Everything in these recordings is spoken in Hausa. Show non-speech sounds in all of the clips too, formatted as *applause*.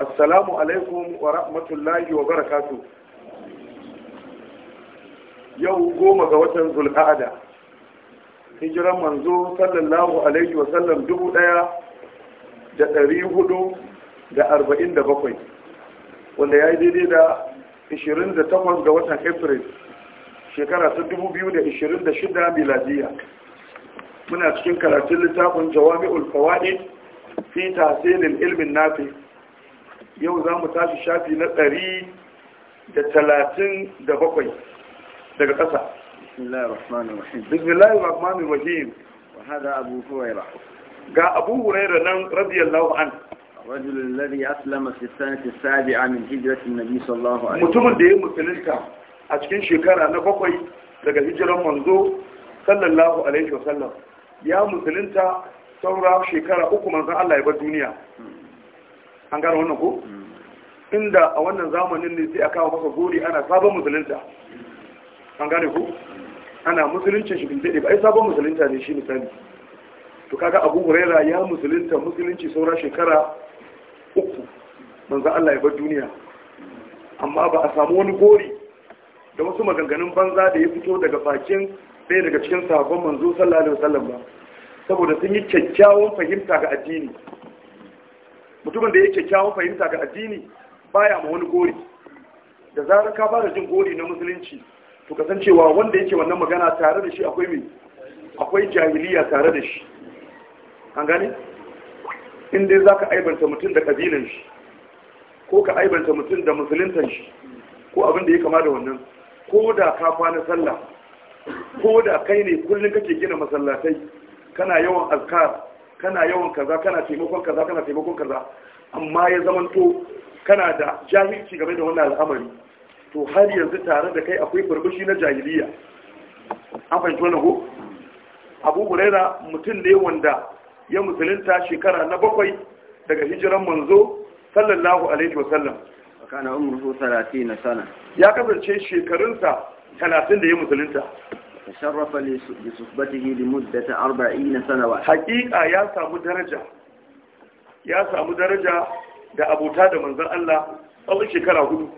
assalamu alaikum wa rahmatullahi wa barakatu yau goma ga watan zulqa'ada hijiran manzo sallallahu alaihi wa sallam dubu daya da ɗari hudu da arba'in da bakwai wanda ya yi daidai da da takwas ga watan april shekara ta dubu biyu da da shida miladiya muna cikin karatun littafin jawami fawa'id fi tasirin ilmin nafi yau za mu tashi shafi na ɗari da talatin da bakwai daga ƙasa. bismillahi rahmanu rahim wahada abu huraira ga abu huraira nan radiyallahu an rajulun lari aslama sissanin sabi amin hijiratun nabi sallahu alaihi mutumin da ya musulunta a cikin shekara na bakwai daga hijiran manzo sallallahu alaihi ya musulunta saura shekara uku manzan allah ya bar duniya an gane wannan ko inda a wannan zamanin ne sai a kawo masa gori ana sabon musulunta an gane ko ana musuluncin shi bin daɗe ba ai sabon musulunta ne shi misali to kaga abu huraira ya musulunta musulunci saura shekara uku manzo Allah ya bar duniya amma ba a samu wani gori da wasu maganganun banza da ya fito daga bakin ɗaya daga cikin sahabban manzo sallallahu alaihi wasallam ba saboda sun yi kyakkyawan fahimta ga addini mutumin da yake kyawun fahimta ga addini baya ma wani gori da zarar ka fara jin gori na musulunci to kasancewa wanda yake wannan magana tare da shi akwai mai akwai jahiliya tare da shi an gane in dai za ka aibanta mutum da kabilan shi ko ka aibanta mutum da musuluntan shi ko abin da ya kama da wannan ko da ka kwana sallah ko da kai ne kullum kake gina masallatai kana yawan azkar kana yawan kaza kana taimakon kaza kana taimakon kaza amma ya zama to kana da jahilci game da wannan al'amari to har yanzu tare da kai akwai burbushi na jahiliya an fahimci wannan ko abu huraira mutum ne wanda ya musulunta shekara na bakwai daga hijiran manzo sallallahu alaihi wa sallam kana umru 30 sana ya kasance shekarunsa 30 da ya musulunta tasharrafa li suhbatihi li muddata 40 sanawa haqiqa ya samu daraja ya samu daraja da abota da manzon Allah tsawon shekara hudu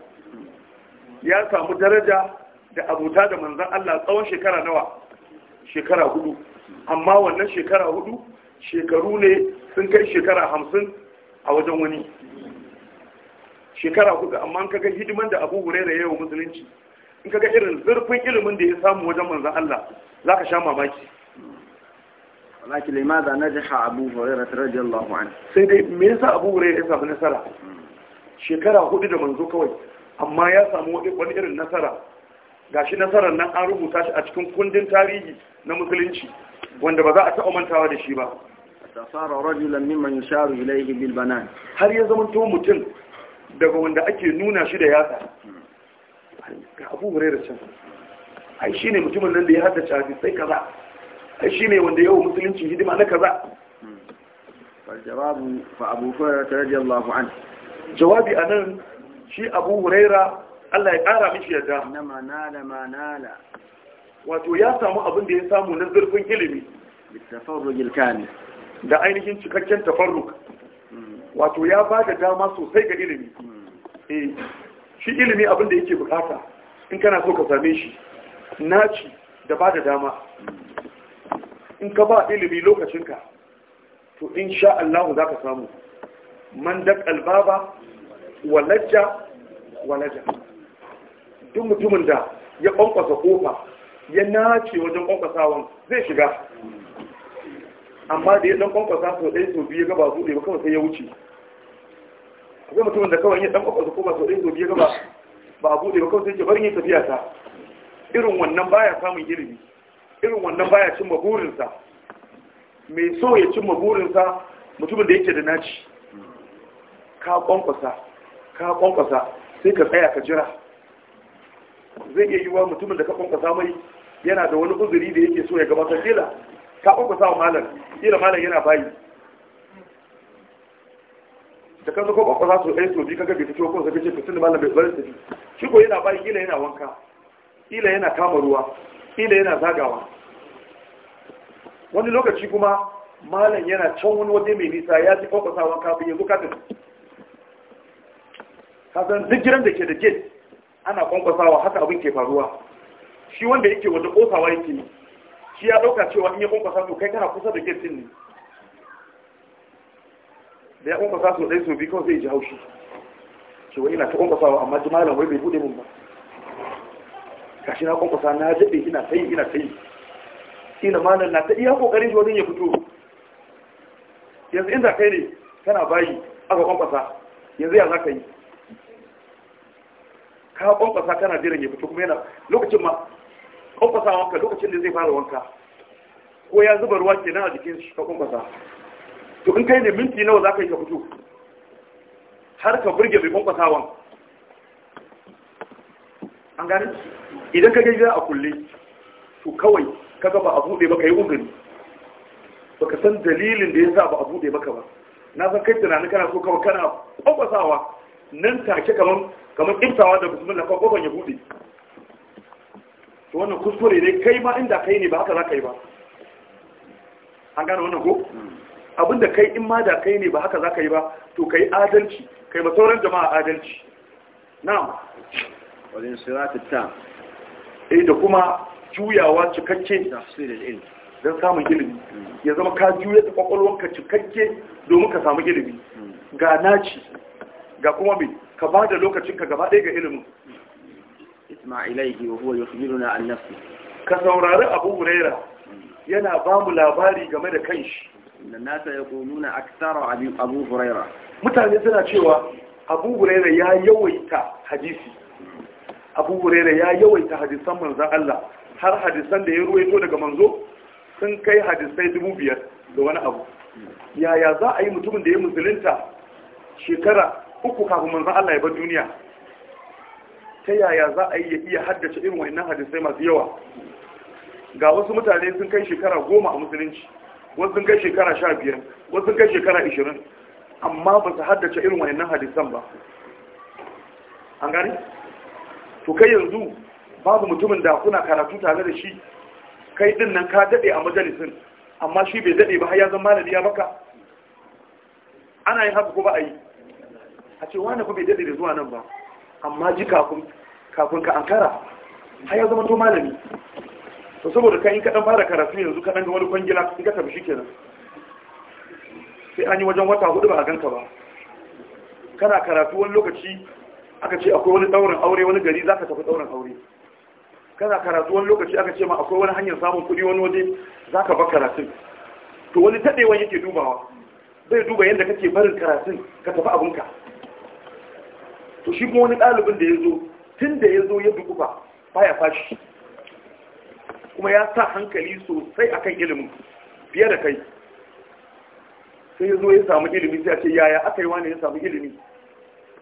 ya samu daraja da abota da manzon Allah tsawon shekara nawa shekara hudu amma wannan shekara hudu shekaru ne sun kai shekara hamsin a wajen wani shekara hudu amma kaga hidiman da abu hure da yawa musulunci in ka ga irin zurfin ilimin da ya samu wajen manzan Allah za ka sha mamaki lakin limaza na jiha abu hurairar radiyallahu an sai dai me yasa abu hurairar ya samu nasara shekara hudu da manzo kawai amma ya samu wani irin nasara gashi nasarar nan an rubuta shi a cikin kundin tarihi na musulunci wanda ba za a taɓa mantawa da shi ba tasara rajulan mimman yusharu ilayhi bil banan har ya zama to mutum daga wanda ake nuna shi da yatsa ga abu hurairar can ai ne mutumin nan da ya haddace sai kaza ai ne wanda yawo musulunci hidima na kaza فالجواب فأبو هريرة رضي الله عنه جوابي أنا shi Abu هريرة Allah ya مش يدا yadda. Na manala manala. wato ya samu abin da ya samu na zurfin ilimi littafarrujil kani da ainihin cikakken tafarruk hmm. wato ya ba da dama sosai ga ilimi hmm. eh shi ilimi abin da yake bukata in kana so ka same shi naci da ba da dama in ka ba ilimi lokacinka to in sha Allah za ka samu man da kalbaba walajja walajja duk mutumin da ya kwankwasa kofa ya nace wajen kwankwasawan zai shiga amma da ya dan kwankwasa sau ɗaya sau biyu gaba buɗe ba kawai sai ya wuce akwai mutumin da kawai ya dan kwankwasa kofa sau ɗaya sau biyu gaba ba a buɗe ba kawai sai ke barin yin tafiya ta irin wannan baya samun ilimi irin wannan baya cin burinsa mai so ya cin burinsa mutumin da yake da naci ka kwankwasa ka kwankwasa sai ka tsaya ka jira zai iya yiwuwa mutumin da ka kwankwasa mai yana da wani uzuri da yake so ya gabatar kila ka kwankwasa wa malam ila malam yana bayi da kan zuko kwakwasa su ɗaya sobi kaga bai fito kuma sai kace fitin malam bai bari tafi shi ko yana bai kila yana wanka kila yana kama ruwa kila yana zagawa wani lokaci kuma malam yana can wani waje mai nisa ya ji kwakwasa wanka bai yanzu ka tafi kasan duk gidan da ke da gate ana kwankwasawa haka abin ke faruwa shi wanda yake wata kosawa yake shi ya dauka cewa in ya kwankwasa to kai kana kusa da gate din ne da ya ƙwanƙwasa su ɗai su bi kawai zai ji haushi ce wani na ta ƙwanƙwasawa amma jimalan wai bai buɗe min ba shi na ƙwanƙwasa na daɗe ina ta yi ina ta yi ina malam na ta iya ƙoƙarin shi wajen ya fito yanzu inda kai ne kana bayi aka ƙwanƙwasa yanzu ya za ka yi ka ƙwanƙwasa kana jiran ya fito kuma yana lokacin ma ƙwanƙwasa wanka lokacin da zai fara wanka ko ya zuba ruwa kenan a jikin shi ka ƙwanƙwasa to in kai ne minti nawa za ka yi ka fito har ka burge mai kwankwasawan an gani idan ka gida a kulle to kawai ka ga ba a buɗe ba ka yi uzuri ba ka san dalilin da ya sa ba a buɗe maka ba na san kai tunanin kana so kawai kana kwankwasawa nan take kamar kamar ibtawa da bismillah ko kofar ya buɗe to wannan kuskure ne kai ma inda kai ne ba haka za ka yi ba an gane wannan ko abinda kai in ma da kai ne ba haka za ka yi ba to ka adalci kai yi masauran jama'a adalci na'am wajen sirati ta eh da kuma juyawa cikakke don samun ilimi hmm. ya zama ka juya ta kwakwalwanka cikakke domin ka samu ilimi hmm. ga naci ga kuma mai ka ba da lokacinka gaba ɗaya ga ilimin isma ilaihi wa huwa yukhbiruna an nafsi ka saurari abu huraira hmm. yana ba mu labari game da kanshi inna nasa abu huraira mutane suna cewa abu huraira ya yawaita hadisi abu huraira ya yawaita hadisan manzon Allah har hadisan da ya ruwaito daga manzo sun kai hadisai dubu biyar da wani abu yaya za a yi mutumin da ya musulunta shekara uku kafin manzan Allah ya bar duniya ta yaya za a yi ya iya haddace irin wa'annan hadisai masu yawa ga wasu mutane sun kai shekara goma a musulunci wasu sun kai shekara sha biyar wasu sun kai shekara ishirin amma ba su haddace irin nan hadisan ba an gani to kai yanzu babu mutumin da kuna karatu tare da shi kai din nan ka daɗe a majalisin amma shi bai daɗe ba har ya zama malami ya baka ana yin haka ko ba a yi a ce wani ku bai daɗe da zuwa nan ba amma ji kafin kafin ka ankara har ya zama to malami to saboda kai in ka dan fara karatu yanzu ka dan ga wani kwangila in ka tafi shikenan sai an yi wajen wata hudu ba a ganka ba kana karatu wani lokaci aka ce akwai wani daurin aure wani gari zaka tafi daurin aure kana karatu wani lokaci aka ce ma akwai wani hanyar samun kuɗi wani waje zaka ba karatun to wani tadewan yake dubawa bai duba yadda kake barin karatun ka tafi abinka to shi kuma wani ɗalibin da ya zo tun da ya zo ya ba baya fashi kuma ya sa hankali sosai akan ilimin fiye da kai sai ya zo ya samu ilimi sai a ce yaya aka yi wani ya samu ilimi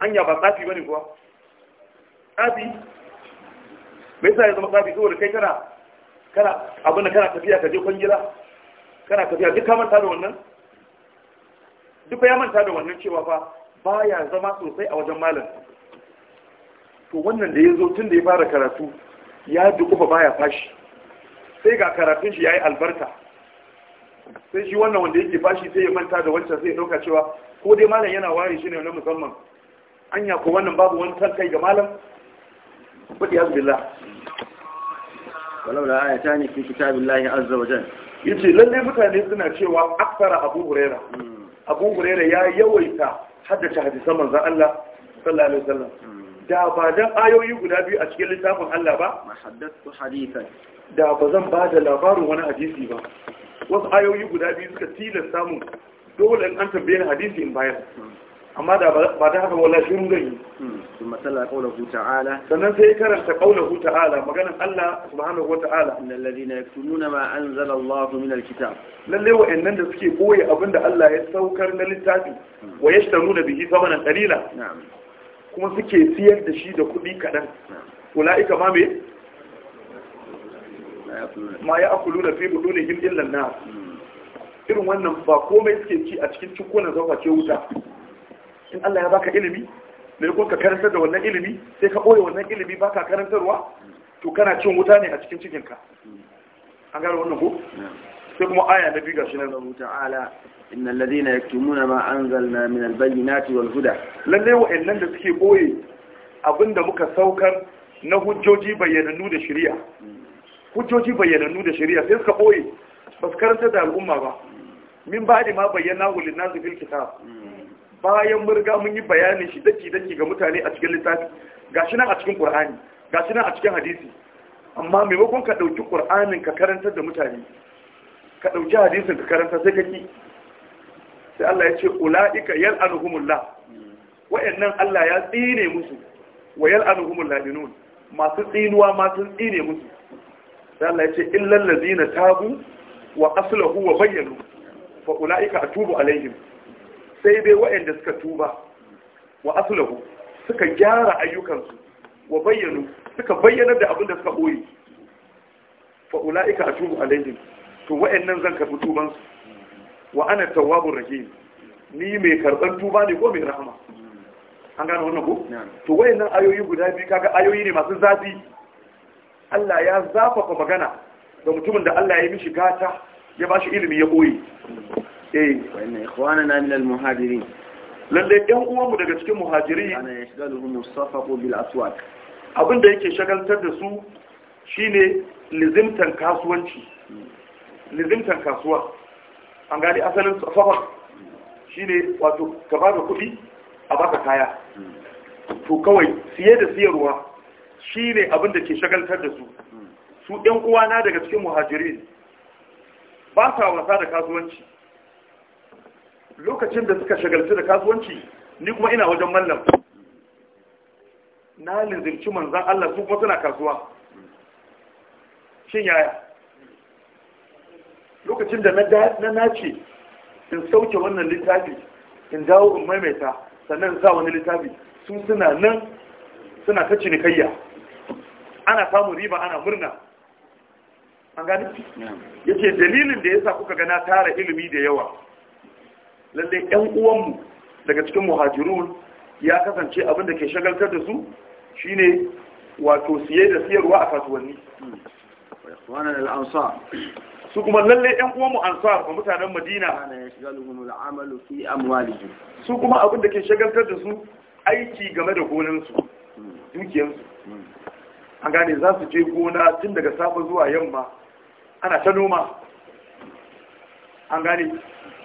anya ba tsafi ne kuwa tsafi mai sa ya zama tsafi saboda kai kana kana abin da kana tafiya ka je kwangila kana tafiya duk ka manta da wannan duk ya manta da wannan cewa fa baya zama sosai a wajen malam to wannan da ya zo tun da ya fara karatu ya ba baya fashi sai ga karatun shi ya yi albarka sai shi wannan wanda yake bashi sai ya manta da wancan sai ya ɗauka cewa ko dai malam yana ware shi ne na musamman anya ko wannan babu wani tankai ga malam kudi ya zubilla walau da aya ta ne fi kitabin lahi azza wa jan yace lalle mutane suna cewa aksara abu huraira hmm. abu huraira ya yawaita haddace hadisan manzon Allah sallallahu alaihi wasallam da ba dan ayoyi guda biyu a cikin littafin Allah ba mahaddathu hadithan da ba zan ba da labarin wani hadisi ba wasu ayoyi guda biyu suka tilasta mu dole in an tambaye ni hadisi in bayar amma da ba da haka wala shirin gani sun hmm, matsala kaulahu ta'ala sannan sai karanta kaulahu ta'ala maganan Allah subhanahu wata'ala innal ladina yaktumuna ma anzala Allahu min alkitab lalle wa'annan da suke boye abinda Allah ya saukar na littafi hmm. wa yashtaruna bihi thamanan qalila na'am kuma suke siyar da shi da kuɗi kaɗan ula'ika ma me ma ya akulu na fi budu ne illan na irin wannan ba komai suke ci a cikin na zama ce wuta in Allah ya baka ilimi da ko ka karantar da wannan ilimi sai ka ɓoye wannan ilimi baka ka karantarwa to kana cin wuta ne a cikin cikinka an gano wannan ko sai kuma aya na biyu gashi nan Allah ta'ala innal ladina yaktumuna ma anzalna min albayyinati wal huda lalle wa'annan da suke boye abinda muka saukar na hujjoji bayyanannu da shari'a hujjoji bayyanannu da shari'a sai suka boye ba su karanta da al'umma ba min ba ma bayyana hulun nasu fil kitab bayan mun riga mun yi bayanin shi daki daki ga mutane a cikin littafi gashi nan a cikin qur'ani gashi nan a cikin hadisi amma maimakon ka dauki qur'anin ka karanta da mutane ka ɗauki hadisin ka karanta sai ka ki sai Allah ya ce ula'ika yal'anuhumullah wa'annan Allah ya tsine musu wa yal'anuhumul ladinun masu tsinuwa ma sun tsine musu sai Allah ya ce illal ladina tabu wa aslahu wa bayyanu fa ula'ika atubu alaihim sai dai wa'anda suka tuba wa aslahu suka gyara ayyukansu wa bayyanu suka bayyana da abin da suka boye fa ula'ika atubu alaihim to wa'annan zan karɓi tubansu wa ana tawwabur rahim ni mai karɓar tuba ne ko mai rahama an gane wannan ko to wayannan ayoyi guda biyu kaga ayoyi ne masu zafi Allah ya zafafa magana ga mutumin da Allah ya yi mishi gata ya bashi ilimi ya koyi eh wa inna ikhwanana min al-muhajirin lalle ɗan uwanmu daga cikin muhajiri ana yashgaluhum as-safaqu bil aswaq abinda yake shagaltar da su shine lizimtan kasuwanci hmm. nizintan kasuwa an gani asalin safar shine wato ka ba da kuɗi a baka kaya to kawai siye da siyarwa shine abin da ke shagaltar da su su ɗan uwana daga cikin muhajirin ba sa wasa da kasuwanci lokacin da suka shagalci da kasuwanci ni kuma ina wajen mallam na lizimci manzan Allah su kuma suna kasuwa shin yaya lokacin da na nace in sauke wannan littafi in dawo in maimaita sannan za wani littafi su suna nan suna ta cinikayya ana samun riba ana murna an gani yake dalilin da yasa kuka gana tara ilimi da yawa Lallai yan uwanmu daga cikin muhajirun ya kasance abin da ke shagaltar da su shine wato siye da siyarwa a kasuwanni ikhwanana al-ansar su kuma lalle ɗan uwanmu ansar ba mutanen madina su kuma abin da ke shagaltar da su aiki game da gonansu dukiyarsu hmm. an gane za su je gona tun daga safe zuwa yamma ana ta noma an gane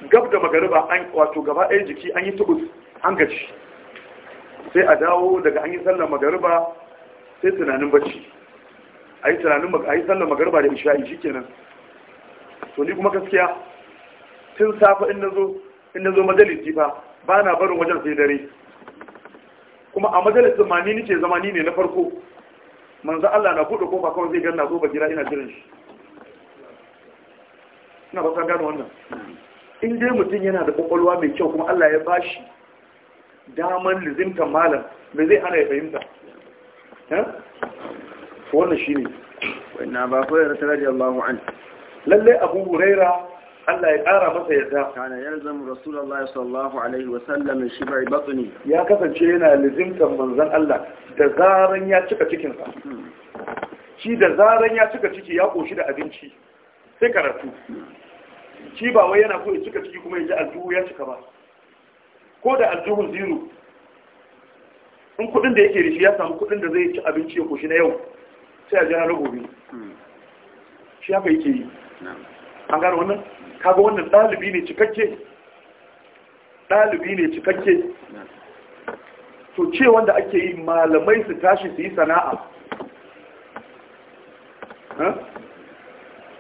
gab da magariba an wato gaba ɗaya jiki an yi tubus an gaci sai a dawo daga an yi sallar magariba sai tunanin bacci a yi tunanin a yi sallar magarba da isha'i shikenan to ni kuma gaskiya tun safa in nazo in nazo majalisi fa ba na barin wajen sai dare kuma a majalisin ma ni nake zama ni ne na farko manzo Allah na bude kofa kawai zai ganna zo ba jira ina jiran shi ina ba san gano wannan in dai mutum yana da kokolwa mai kyau kuma Allah ya bashi daman lizimtan malam me zai ana ya fahimta eh? wannan shi ne wannan ba fa yarda radiyallahu anhu lalle abu huraira Allah ya ƙara masa yadda. kana allah ya sallahu alaihi wa sallam shibai batni ya kasance yana lazimtan manzan Allah da zaran ya cika cikinsa. shi da zaran ya cika ciki ya koshi da abinci sai karatu shi ba wai yana koyi cika ciki kuma ya ji aljuhu ya cika ba ko da aljuhun zinu, in kudin da yake rishi ya samu kudin da zai ci abinci ya koshi na yau sai a jira na gobe hmm. shi haka yake yi an gano wannan kaga wannan ɗalibi ne cikakke ɗalibi ne cikakke to ce wanda ake yi malamai su tashi su yi sana'a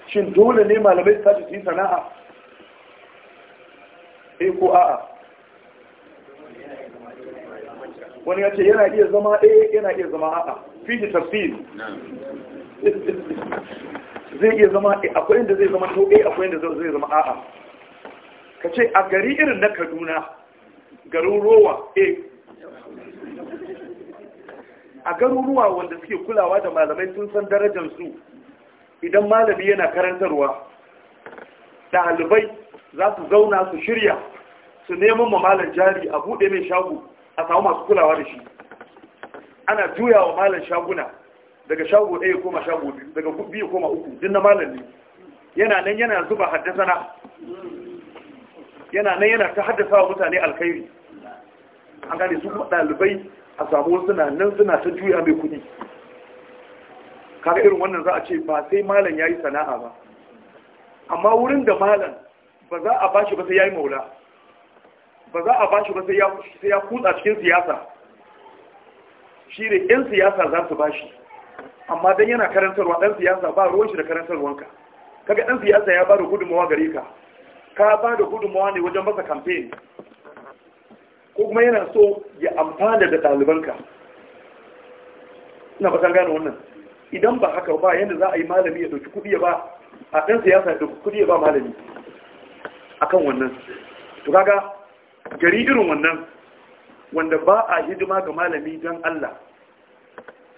shin dole ne malamai su tashi su yi sana'a E ko a'a wani ya ce yana iya zama a, yana iya zama a'a fihi tafsir *laughs* zai iya zama eh, akwai inda zai zama tobe akwai inda zai zama a'a ka ce a gari irin na kaduna garin a eh. a garuruwa wanda suke kulawa da malamai sun san darajansu idan malami yana karantarwa ɗalibai za su zauna su shirya su neman malam jari a buɗe mai shago a samu masu kulawa da shi ana juya wa malam shaguna daga shago ɗaya koma shago biyu daga biyu koma uku din na malam ne yana nan yana zuba haddasana yana nan yana ta haddasa wa mutane alkhairi an gane su ɗalibai a samu suna nan suna ta juya mai kuɗi kaga irin wannan za a ce ba sai malam ya yi sana'a ba amma wurin da malam ba za a bashi ba sai ya yi maula ba za a bashi ba sai ya kutsa cikin siyasa shi ne 'yan siyasa za su ba shi amma don yana karantarwa ɗan siyasa ba ruwan shi da karantarwanka kaga ɗan siyasa ya ba da gudunmawa gare ka ka ba da gudunmawa ne wajen masa kamfen ko kuma yana so ya amfana da ɗalibanka ina ba gane wannan idan ba haka ba yadda za a yi malami ya ɗauki kuɗi ya ba a ɗan siyasa ya ɗauki kuɗi ya ba malami akan wannan to kaga gari irin wannan wanda ba a hidima ga malami don Allah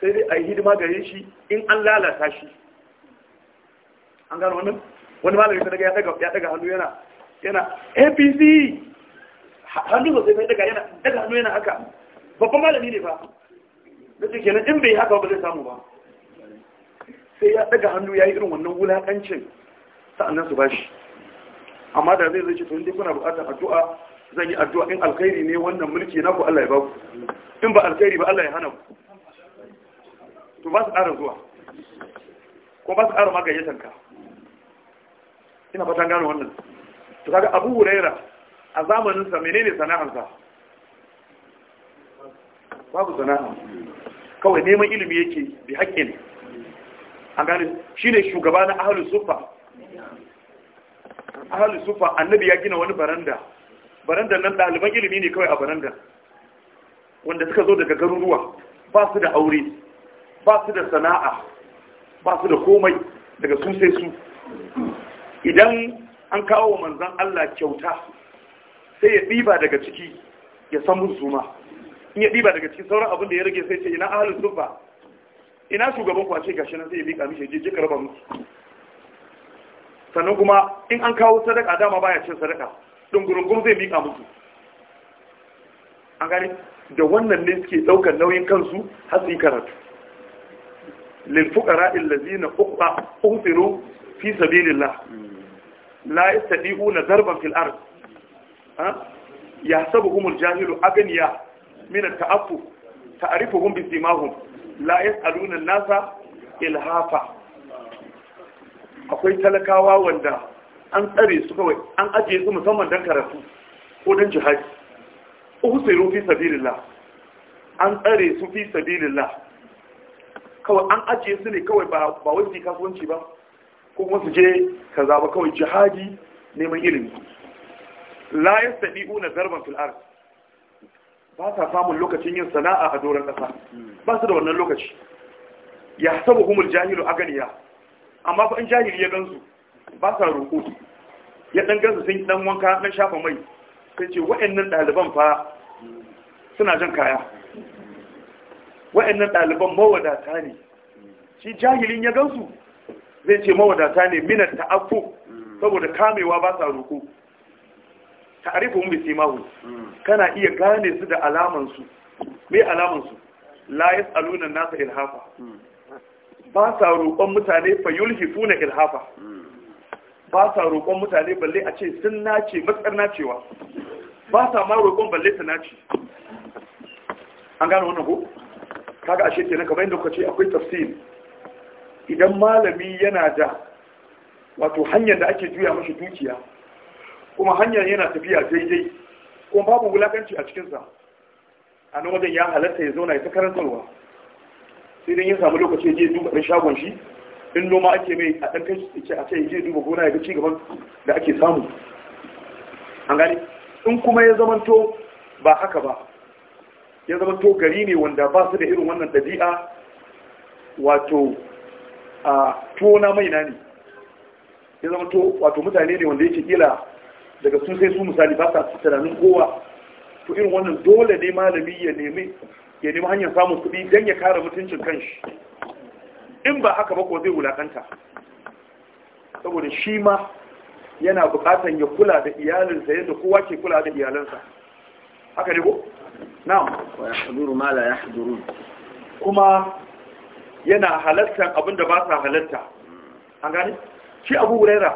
sai dai a yi hidima gare shi in an lalata shi an gano wannan wani malami ta daga ya daga hannu yana yana apc hannu sosai sai daga yana daga hannu yana haka babban malami ne ba da suke nan in bai haka ba zai samu ba sai ya daga hannu ya yi irin wannan wulakancin sa'annan su bashi amma da zai zai ce dai kuna buƙatar addu'a zan yi addu'a in alkhairi ne wannan mulki na ku Allah ya ba ku in ba alkhairi ba Allah ya hana ku to ba su ƙara zuwa ko ba su ƙara magayyatar ka ina fatan gano wannan to kaga abu huraira a zamaninsa menene sana'arsa babu sana'a kawai neman ilimi yake bi haƙƙin an gane shi ne shugaba na ahalus sufa ahalus sufa annabi ya gina wani baranda barandan nan ɗaliban ilimi ne kawai a baranda wanda suka zo daga garuruwa ba su da aure ba su da sana'a ba su da komai daga sun sai su idan an kawo wa manzan Allah kyauta sai ya ɗiba daga ciki ya san musu ma in ya ɗiba daga ciki sauran abin da ya rage sai ce ina ahalin sufa ina shugaban ce? gashi nan sai ya miƙa mishi je je karba musu sannan kuma in an kawo sadaka dama baya cin sadaka kuma zai miƙa musu an gani da wannan ne suke ɗaukar nauyin kansu har su yi karatu lil fuqara allazina uqsiru fi sabilillah la yastadi'una darban fil ard يحسبهم الجاهل أغنياء من التأفف تعرفهم بسيماهم لا يسألون الناس إلهافا akwai talakawa wanda an tsare su kawai an ajiye su musamman don karatu ko don jihadi uhusairu fi sabilillah an tsare su fi sabilillah kawai an ajiye su ne kawai ba wai su kasuwanci ba ko kuma su je ka zaba kawai jihadi neman ilimi la una zarban fil'ar ba sa samun lokacin yin sana'a a doron kasa. ba su da wannan lokaci ya saba humul jahilu a ganiya amma fa in jahili ya gansu ba sa roƙo ya ɗan gansu sun ɗan wanka ɗan shafa mai sai ce wa'annan ɗaliban fa suna jan kaya wa'annan ɗaliban mawadata ne shi jahilin ya gansu zai ce mawadata ne minar ta'afu saboda kamewa ba sa roko ta'arifun sai mahu kana iya gane su da alamansu mai alamansu alaman alunan nasa ilhafa ba sa roƙon mutane fa yulhifuna ilhafa ba sa roƙon mutane balle a ce sun nace matsar nacewa ba sa ma roƙon balle su nace an gane wannan ko kaga ashe na kamar yadda kuka ce akwai tafsir idan malami yana da wato hanyar da ake juya mashi dukiya kuma hanyar yana tafiya daidai kuma babu wulakanci a cikinsa a nan wajen ya halatta ya zauna ya ta karantarwa sai dan ya samu lokaci je duba ɗan shagon shi in noma ake mai a ɗan kai a ce ya je duba gona ya ga cigaban da ake samu an gani in kuma ya zamanto ba haka ba ya zama to gari ne wanda ba su da irin wannan ɗabi'a wato a tona mai na ne ya zama to wato mutane ne wanda yake kila daga sun sai su misali ba sa tunanin kowa to irin wannan dole ne malami ya nemi ya nemi hanyar samun kuɗi don ya kare mutuncin kanshi in ba haka ba ko zai wulakanta saboda shi ma yana buƙatar ya kula da iyalinsa yadda kowa ke kula da iyalansa haka ne ko na'am wa ma la yahdurun kuma yana halartar abinda ba sa halarta an gani? shi Abu Huraira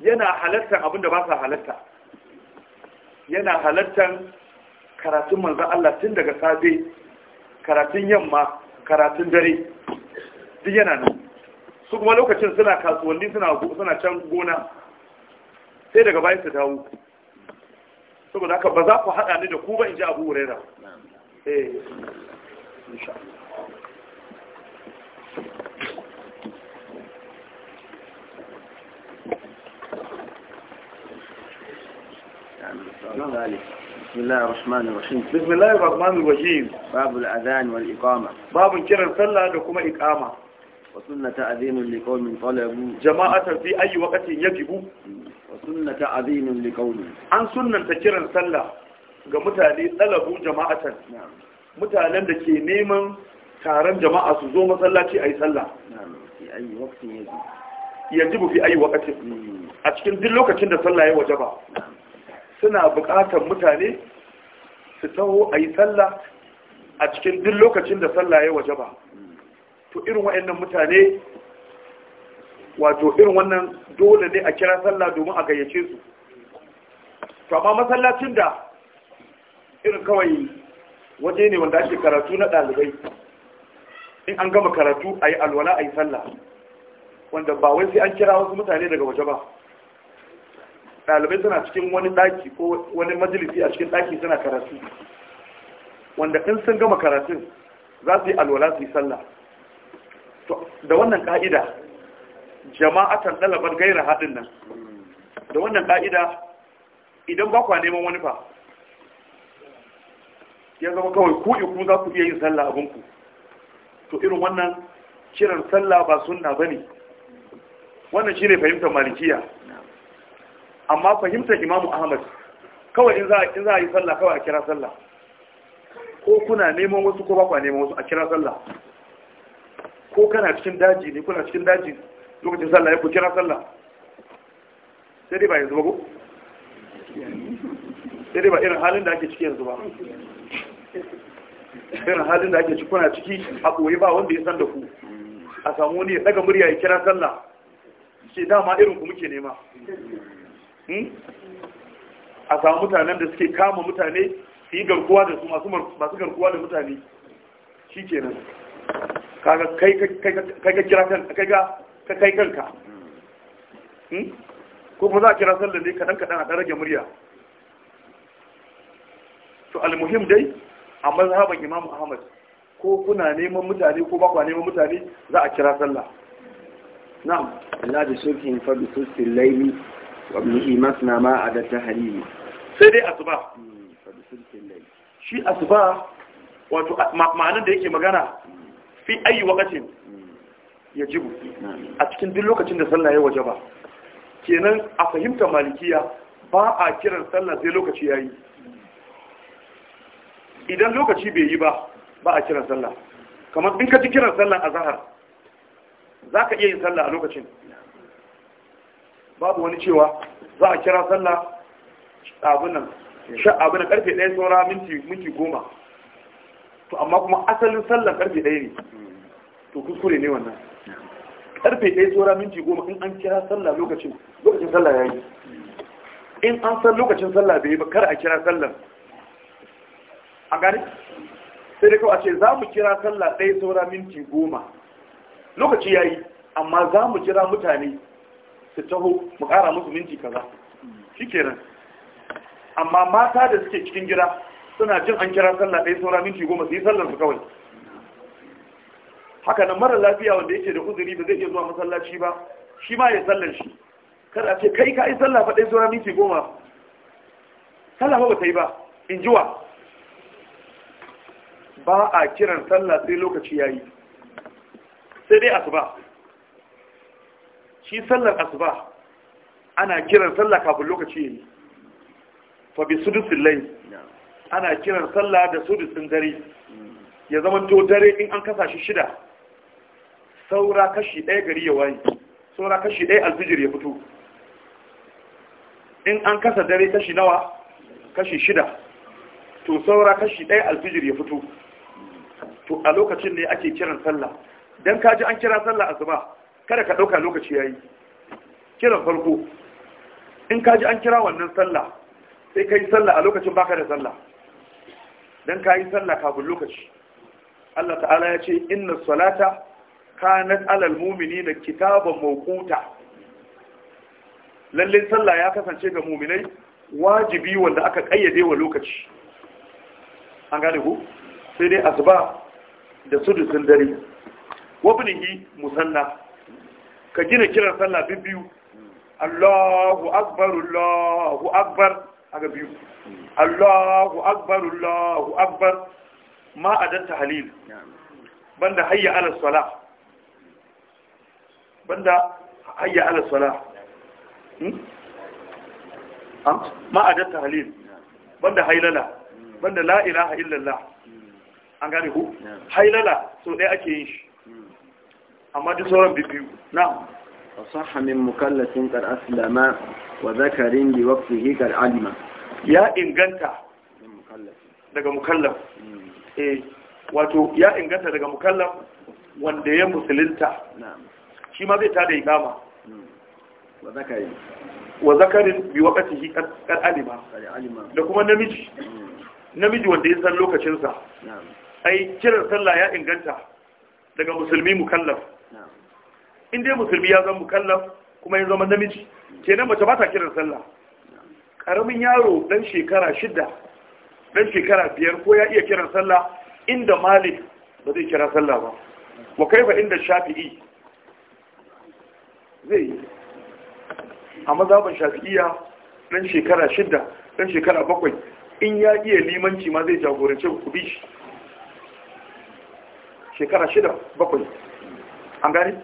yana halartar abinda ba sa halarta yana halartar karatun manzan Allah tun daga safe karatun yamma karatun dare duk yana nan su kuma lokacin suna kasuwanni suna suna can gona sai daga bayan su dawo saboda haka ba za ku haɗa ni da ku ba in ji abu بسم الله الرحمن الرحيم بسم الله الرحمن الرحيم باب الأذان والإقامة باب كرة صلى لكم إقامة وسنة أذين لقوم طلبوا جماعة في أي وقت يجب وسنة عظيم لقوله عن سنة كرا صلى ga mutane dalabu jama'atan mutanen da ke neman taron jama'a su zo masallaci ayi sallah yanzu bufi ayi wakacin hmm. a cikin duk lokacin da sallah ya waje ba suna buƙatar mutane su taho ayi sallah a cikin duk lokacin da sallah ya waje ba hmm. to irin wa'annan mutane wato irin wannan dole ne a kira sallah domin a gayyace su to amma masallacin da irin kawai waje ne wanda ake karatu na ɗalibai in an gama karatu a yi alwala a yi sallah wanda ba wai sai an kira wasu mutane daga waje ba ɗalibai suna cikin wani ɗaki ko wani majalisi a cikin ɗaki suna karatu wanda in sun gama karatun za su yi alwala su yi sallah da wannan ka'ida jama'atan dalabar gaira haɗin nan da wannan ƙa'ida idan ba kwa neman wani fa ya zama kawai ku iku za ku iya yin sallah abinku to irin wannan kiran sallah ba sunna ba ne wannan shi ne fahimtar malikiya amma fahimtar imamu ahmad kawai in za a yi sallah kawai a kira sallah ko kuna neman wasu ko ba kwa neman wasu a kira sallah ko kana cikin daji ne kuna cikin daji lokacin sallah ya ku kira sallah sai dai ba yanzu ba ko sai dai ba irin halin da ake ciki yanzu ba irin halin da ake ciki kuna ciki a koyi ba wanda ya san da ku a samu wani ya daga murya ya kira sallah ce dama irin ku muke nema hmm? a samu mutanen da suke kama mutane su yi garkuwa da su masu garkuwa da mutane shi kenan kaga kai ka kira kan kai ga ka kai kanka hmm? ko kuma za a kira sallar ne kaɗan kaɗan a ɗan rage murya to almuhim dai a mazhaban imam ahmad ko kuna neman mutane ko bakwa neman mutane za a kira sallah na'am Allah da shirkin fa bi susil layli wa bi na ma ada halili sai dai asuba hmm, shi asuba wato ma'anar da yake magana fi ayi wakacin ya jibu a cikin duk lokacin da sallah ya waje ba kenan a fahimtar malikiya ba a kiran sallah sai lokaci ya yi idan lokaci bai yi ba ba a kiran sallah kamar in ka ji kiran sallah a zahar za ka iya yin sallah a lokacin babu wani cewa za a kira sallah abinan abinan karfe ɗaya saura minti goma to amma kuma asalin sallah karfe ɗaya ne hmm. to kuskure ne wannan karfe ɗaya tsora minti goma in an kira sallah lokacin lokacin sallah ya yi in an san lokacin sallah bai yi ba kar a kira sallah a gani sai dai kawai a ce za mu kira sallah ɗaya tsora minti goma lokaci ya yi amma za mu kira mutane su taho mu ƙara musu minti kaza shi kenan amma mata da suke cikin gida suna jin an kira sallah ɗaya tsora minti goma su yi sallar su kawai haka nan mara lafiya wanda yake da uzuri ba zai iya zuwa masallaci ba shi ma ya sallar shi kada ce kai ka yi sallah fa dai zuwa miki goma sallah ba ta yi ba in jiwa ba a kiran sallah sai lokaci ya yi sai dai asuba shi sallar asuba ana kiran sallah kafin lokaci ya yi fa bi sudusin lai ana kiran sallah da sudusin dare ya zama to dare in an kasa shi shida saura kashi ɗaya gari ya waye saura kashi ɗaya alfijir ya fito in an kasa dare kashi nawa kashi shida to saura kashi ɗaya alfijir ya fito to a lokacin ne ake kiran sallah don kaji an kira sallah a zuba, kada ka ɗauka lokaci ya yi kiran farko in kaji an kira wannan sallah sai ka yi sallah a lokacin baka da sallah don ka yi sallah kafin lokaci Allah ta'ala ya ce inna salata kanat alal na kitaban mawquta Lallai sallah ya kasance ga mu'minai wajibi wanda aka kayyade wa lokaci an gane ku sai dai asuba da sun dare wabnihi musanna ka gina kiran sallah biyu Allahu akbar Allahu akbar aga biyu Allahu akbar Allahu akbar ma adan tahlil banda hayya ala salah banda hayya ala sala hmm? ah? ma'adar tahlil banda hailala banda la ilaha illallah an gane ku hailala so ɗaya ake yin shi hmm. amma duk sauran bibiyu na'am وصح من مكلف قد أسلم وذكر بوقته قد علم يا إنغنتا من مكلف daga mukallaf hmm. eh wato ya inganta daga mukallaf wanda ya musulunta na'am shi ma zai tada ikama hmm. wa zakarin bi wakatihi kar alima da kuma namiji hmm. namiji wanda ya san lokacinsa ai kiran sallah ya inganta daga musulmi mukallaf in dai musulmi ya zama mukallaf kuma ya zama namiji hmm. kenan mace ba ta kiran sallah karamin yaro dan shekara shida dan shekara biyar ko ya iya kiran sallah inda malik ba zai kira sallah ba wa kaifa inda shafi'i zai yi a mazaban shafi'iya ɗan shekara shida ɗan shekara bakwai in ya iya limanci ma zai jagorance ku bi shi shekara shida bakwai an gani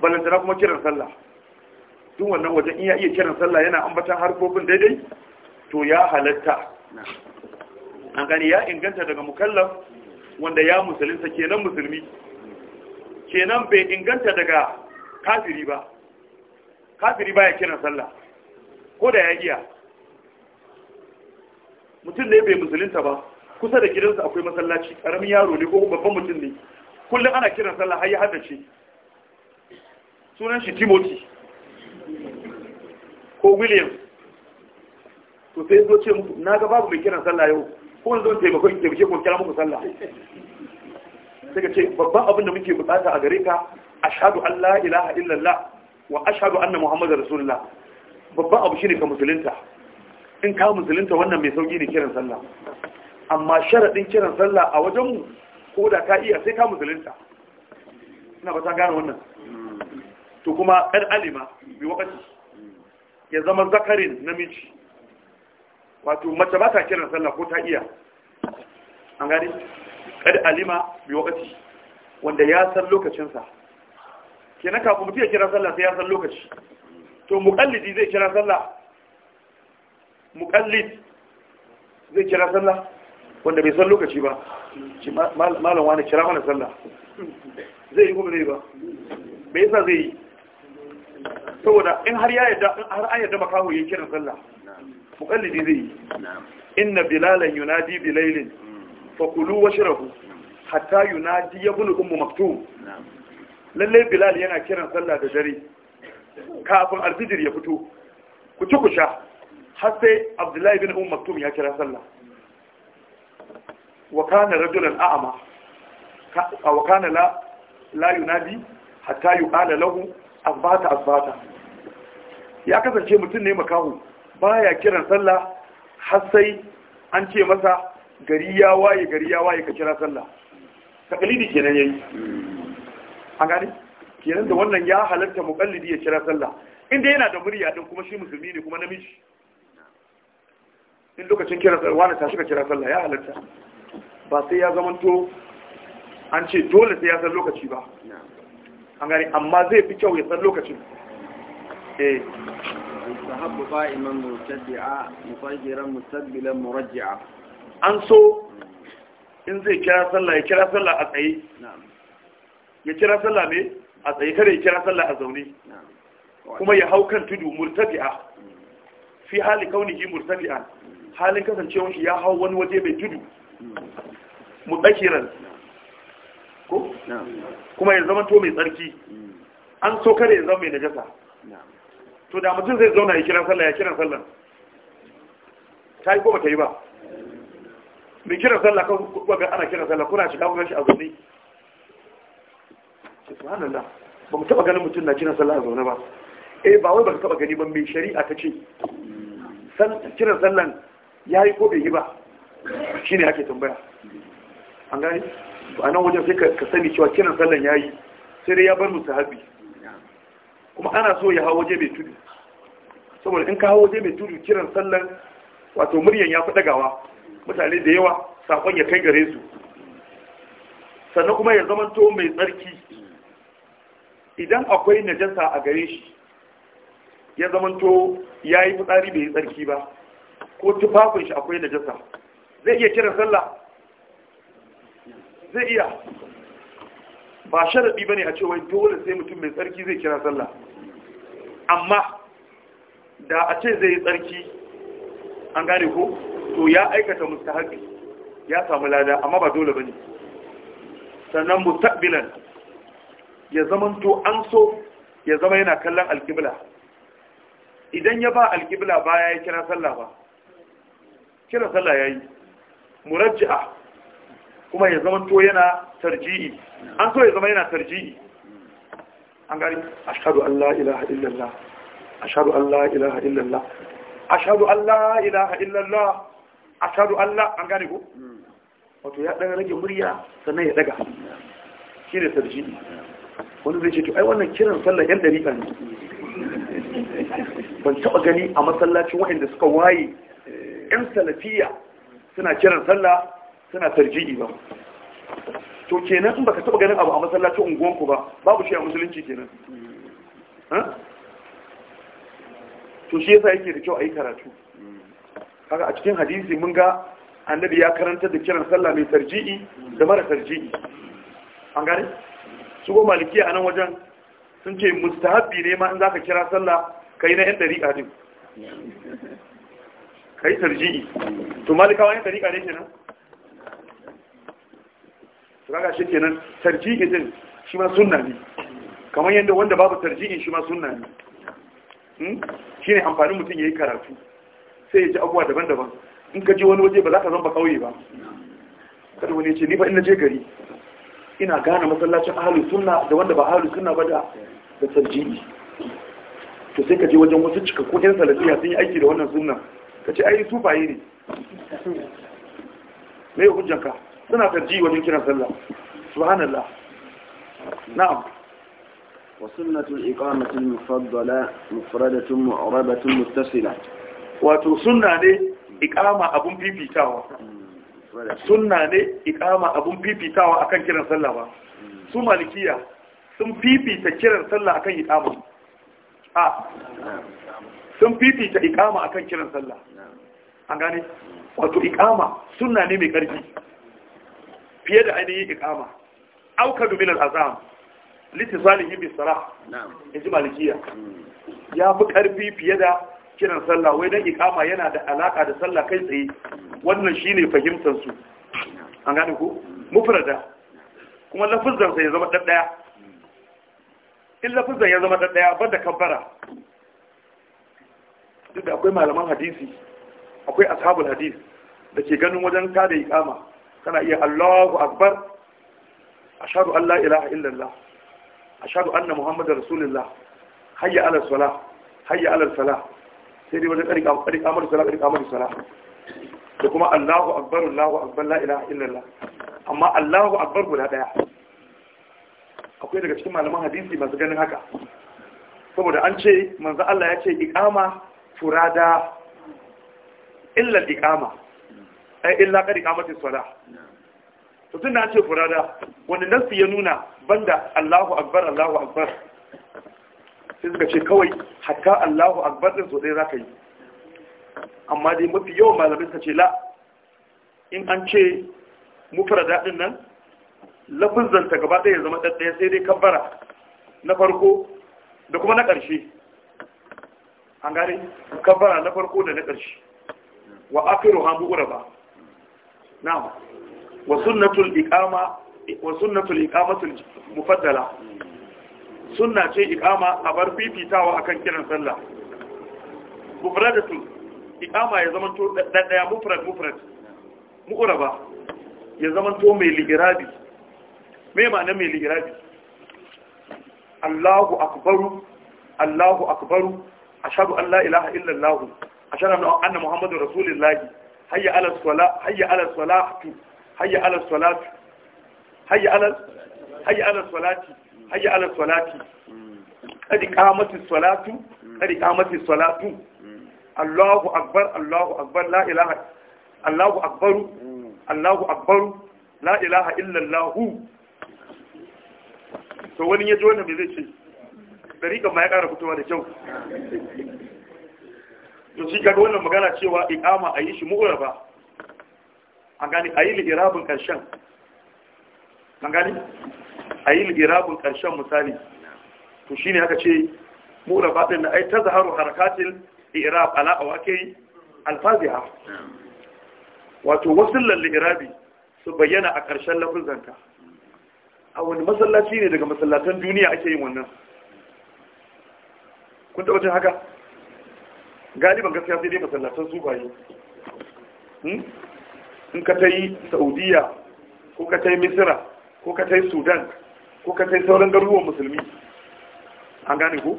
balantana kuma kiran sallah tun wannan wajen in ya iya kiran sallah yana ambatan harkokin daidai to ya halatta an gani ya inganta daga mukallaf wanda ya musulinsa. kenan musulmi kenan bai inganta daga kafiri ba kafiri baya kiran sallah ko da ya giya mutum ne bai musulunta ba kusa da gidansa akwai masallaci karamin yaro ne ko babban mutum ne kullum ana kiran sallah har ya haddace sunan shi timothy ko william to sai zo ce muku na ga babu mai kiran sallah yau ko zo taimakon taimake ko kira muku sallah sai ka ce babban abin da muke bukata a gare ka ashhadu an la ilaha illallah wa ashhadu anna muhammadar rasulullah babban abu shine ka musulunta in ka musulunta wannan mai sauki ne kiran sallah amma sharadin kiran sallah a wajen mu ko da ka iya sai ka musulunta ina ba ta gane wannan to kuma ɗan alima bi wakati ya zama zakarin namiji wato mace ba ta kiran sallah ko ta iya an gani kada alima bi wakati wanda ya san lokacinsa kenan kafin mutu ya kira sallah sai ya san lokaci to muqallidi zai kira sallah mukallid zai kira sallah wanda bai san lokaci ba ci malam wani kira mana sallah zai yi kuma zai ba bai yasa zai yi saboda in har ya yadda har an yadda makaho yin kira sallah muqallidi zai yi inna bilalan yunadi bilailin fakulu washrabu hatta yunadi yabnu ummu maktum lalle bilal yana kiran sallah da dare kafin alfijir ya fito ku ci ku sha har sai abdullahi bin umar maktum ya kira sallah wa kana rajulan a'ama wa kana la la yunadi hatta yuqala lahu asbata asbata ya kasance mutum ne makahu baya kiran sallah har sai an ce masa gari ya waye gari ya waye ka kira sallah takalidi kenan yayi an gane kenan da wannan ya halarta mukallidi ya kira sallah inda yana da murya din kuma shi musulmi ne kuma namiji in lokacin kira sallah wani tashi ka kira sallah ya halarta ba sai ya to an ce dole sai ya san lokaci ba an gane amma zai fi kyau ya san lokacin eh sahabbu qa'iman mutaddi'a mufajjiran mustaqbilan murajji'a an so in zai kira sallah ya kira sallah a tsaye ya kira sallah ne a tsaye kada ya kira sallah a zaune kuma ya hau kan tudu murtafi'a fi hali kaunihi murtafi'a halin kasancewar shi ya hau wani waje mai tudu mutsakiran ko kuma ya zama to mai tsarki an so kada ya zama mai najasa to da mutum zai zauna ya kira sallah ya kira sallah ta yi ko ba ta yi ba mai kira sallah kan kuma ana kira sallah kuna shiga wurin shi a zaune subhanallah ba mu taba ganin mutum na kiran sallah a zaune ba eh ba wai ba taba gani ba mai shari'a ta ce kiran sallan ya yi ko bai yi ba shi ne ake tambaya an gani a nan wajen sai ka sani cewa kiran sallan ya yi sai dai ya bar musu habi kuma ana so ya hawo waje mai tudu saboda in ka hawo waje mai tudu kiran sallan wato muryan ya fi dagawa mutane da yawa sakon ya kai gare su sannan kuma ya zama to mai tsarki idan akwai najasa a gare shi ya zamanto ya yi fitsari bai yi tsarki ba ko tufafin shi akwai najasa zai iya kira sallah zai iya ba sharaɗi ba ne a cewa dole sai mutum mai tsarki zai kira sallah amma da a ce zai yi tsarki an gane ko to ya aikata mustahabi ya samu lada amma ba dole ba ne sannan musta ya zamanto an so ya zama yana kallon alkibla idan ya ba alkibla ba, ya yi kira sallah ba kira sallah ya yi murajji'a kuma ya zamanto yana tarji'i an so ya zama yana tarji'i an gari ashadu Allah ilaha illallah ashadu Allah ilaha illallah ashadu Allah ilaha illallah ashadu Allah an gane ku. Hmm. wato ya daga rage murya sannan ya daga shi ne tarji'i wani zai ce to ai wannan kiran sallar yan dariƙa ne ban taɓa gani a masallacin waɗanda suka waye yan salafiya suna kiran sallah suna tarji'i ba to kenan in baka taɓa ganin abu a masallacin unguwanku ba babu shi a musulunci kenan to shi yasa yake da kyau a yi karatu kaga a cikin hadisi mun ga annabi ya karanta da kiran sallah mai tarji'i da mara tarji'i an gane su malikiya a nan wajen sun ce mustahabi ne ma in za ka kira sallah ka yi na yan dariƙa din ka yi tarji'i to malikawa yan dariƙa ne kenan su kaga shi kenan tarjihi din shi ma sunna ne kamar yadda wanda babu tarjihi shi ma sunna ne hmm? shi ne amfanin mutum ya yi karatu sai ya ji abubuwa daban-daban in ka ji wani waje ba za ka zan ba kauye ba kada wani ce ni ba ina je gari ina gane masallacin ahalus suna da wanda ba ahalus suna ba da da tarjihi to sai ka je wajen wasu cikakku yan salafiya sun yi aiki da wannan suna ka ce ai sufaye ne me hujjanka suna tarjihi wajen kiran sallah subhanallah na'am وسنة الإقامة mufradatun مفردة معربة wato وتسنة ne أبو abun fifitawa sunna ne ikama abun fifitawa akan kiran sallah ba su malikiya sun fifita kiran sallah akan ikama a sun fifita ikama akan kiran sallah an gane wato ikama sunna ne mai ƙarfi fiye da ainihin ikama auka domin al'azam litisalihi bisara ya ji malikiya ya fi ƙarfi fiye da kiran sallah wai dan ikama yana da alaka da sallah kai tsaye wannan shine fahimtar su an gane ku, mufrada kuma lafazan sa ya zama daddaya in lafazan ya zama daddaya banda kabbara duk da akwai malaman hadisi akwai ashabul hadis da ke ganin wajen kada ikama kana iya Allahu akbar ashhadu an la ilaha illallah ashhadu anna muhammadar rasulullah hayya ala salah hayya ala salah sai dai wajen ƙarƙa ƙarƙa mara sala ƙarƙa mara da kuma Allahu akbar Allahu akbar la ilaha illallah amma Allahu akbar guda ɗaya akwai daga cikin malaman hadisi masu ganin haka saboda an ce manzo Allah ya ce iqama furada illa iqama ai illa qad iqamati salah to tunda an ce furada wani nasu ya nuna banda Allahu akbar Allahu akbar sai suka ce kawai hatta Allahu akbar din so dai zaka yi amma dai mafi yawan malamai suka ce la in an ce mufrada din nan lafazan ta gaba ɗaya zama ɗaya sai dai kabbara na farko da kuma na ƙarshe an gane kabbara na farko da na ƙarshe wa akiru hamu uraba na wa sunnatul iqama wa sunnatul iqamatul mufaddala sunna ce ikama a bar fifitawa kan kiran sallah mufradatu ikama ya zama to daddaya mufrad mufrad muqraba ya zama to mai ligirabi me ma'anar mai ligirabi Allahu akbaru Allahu akbaru ashhadu an la ilaha illa Allah ashhadu anna muhammadur rasulullah hayya ala salat hayya ala salatu hayya ala salatu hayya ala salati kadi qamati salatu kadi qamati salatu Allahu akbar Allahu akbar la ilaha Allahu akbar Allahu akbar la ilaha illa Allah to wani yaji wannan bai zai ce dariƙa ma ya kara fitowa da kyau to shi kaga wannan magana cewa iqama ayi shi mu'ura ba an gani ayi li irabin karshen an gani a yi lirabun ƙarshen misali to shine aka ce mura ɗin na ai ta zaharu harakatil irab ala a alfaziha wato wasu irabi su bayyana a ƙarshen lafizanta a wani masallaci ne daga masallatan duniya ake yin wannan kun taɓa cin haka galiban gaskiya sai dai masallatan sufaye hmm? in ka ta yi saudiya ko ka ta yi misira ko ka tai sudan ko ka tai sauran garuruwan musulmi an gane ku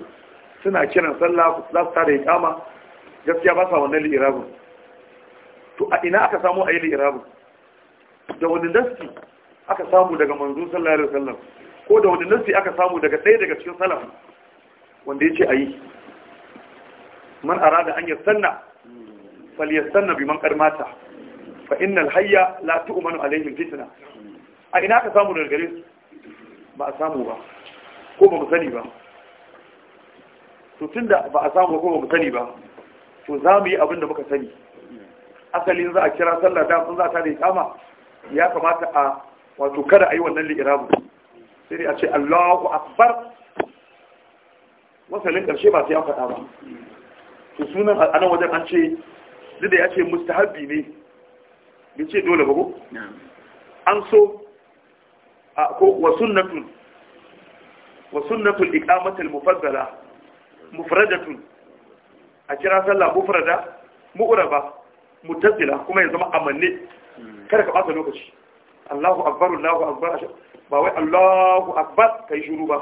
suna kiran sallah za su tare ikama gaskiya ba sa wannan li'irabin to a ina aka samu a yi li'irabin da wani nasti aka samu daga manzon sallallahu alaihi wasallam ko da wani nasti aka samu daga ɗaya daga cikin salaf wanda ya ce yace ayi man arada an yasanna falyastanna biman qad mata fa innal hayya la tu'manu alaihi fitna a ina ka samu daga gare su ba a samu ba ko ba mu sani ba tun da ba a samu ko ba mu sani ba to za mu yi abin da muka sani asalin za a kira sallah da sun za ta da kama ya kamata a wato kada a yi wannan li'irabu sai dai a ce Allahu akbar wasalin karshe ba sai an faɗa ba to sunan a nan wajen an ce duk da ya ce mustahabbi ne ya ce dole ba ko an so ko wa sunnatun wa sunnatul iqamatul mufaddala mufradatun a kira sallah mufrada mu'raba mutazzila kuma ya zama amanne kada ka bata lokaci Allahu akbar Allahu akbar ba wai Allahu akbar kai shiru ba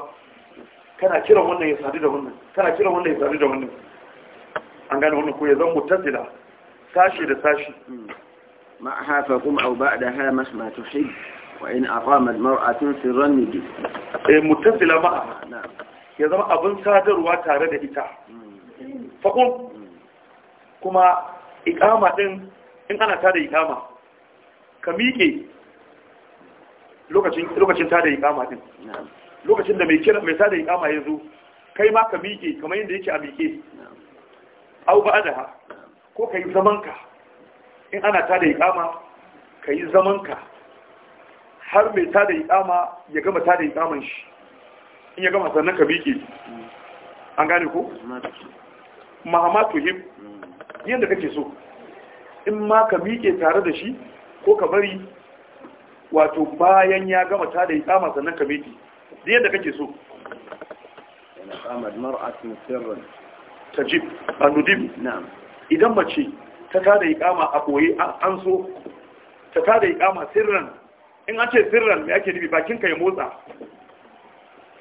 kana kiran wannan ya sadu da wannan kana kiran wannan ya sadu da wannan an gane wannan ko ya zama mutazzila sashi da sashi hmm. ma hafa kuma au ba'da ha masma tuhib وإن أقامت مرأة سرا نجي متصلة معها ya zama abin sadarwa tare da ita fakon kuma ikama ɗin, in ana tada ikama ka miƙe lokacin tada ikama ɗin. lokacin da mai tada ikama ya zo kai ma ka miƙe kamar yadda yake a miƙe au ba da ko ka yi zamanka in ana tada ikama ka yi zamanka har mai tada iqama ya gama tada iqaman shi in ya gama sannan ka miƙe an gane ko mahama tuhim yadda kake so in ma ka miƙe tare da shi ko ka bari wato bayan ya gama tada iqama sannan ka miƙe yadda kake so tajib anudib na'am idan mace ta tada iqama a ɓoye an so ta tada iqama sirran in an ce sirran me ake nufi bakinka ya motsa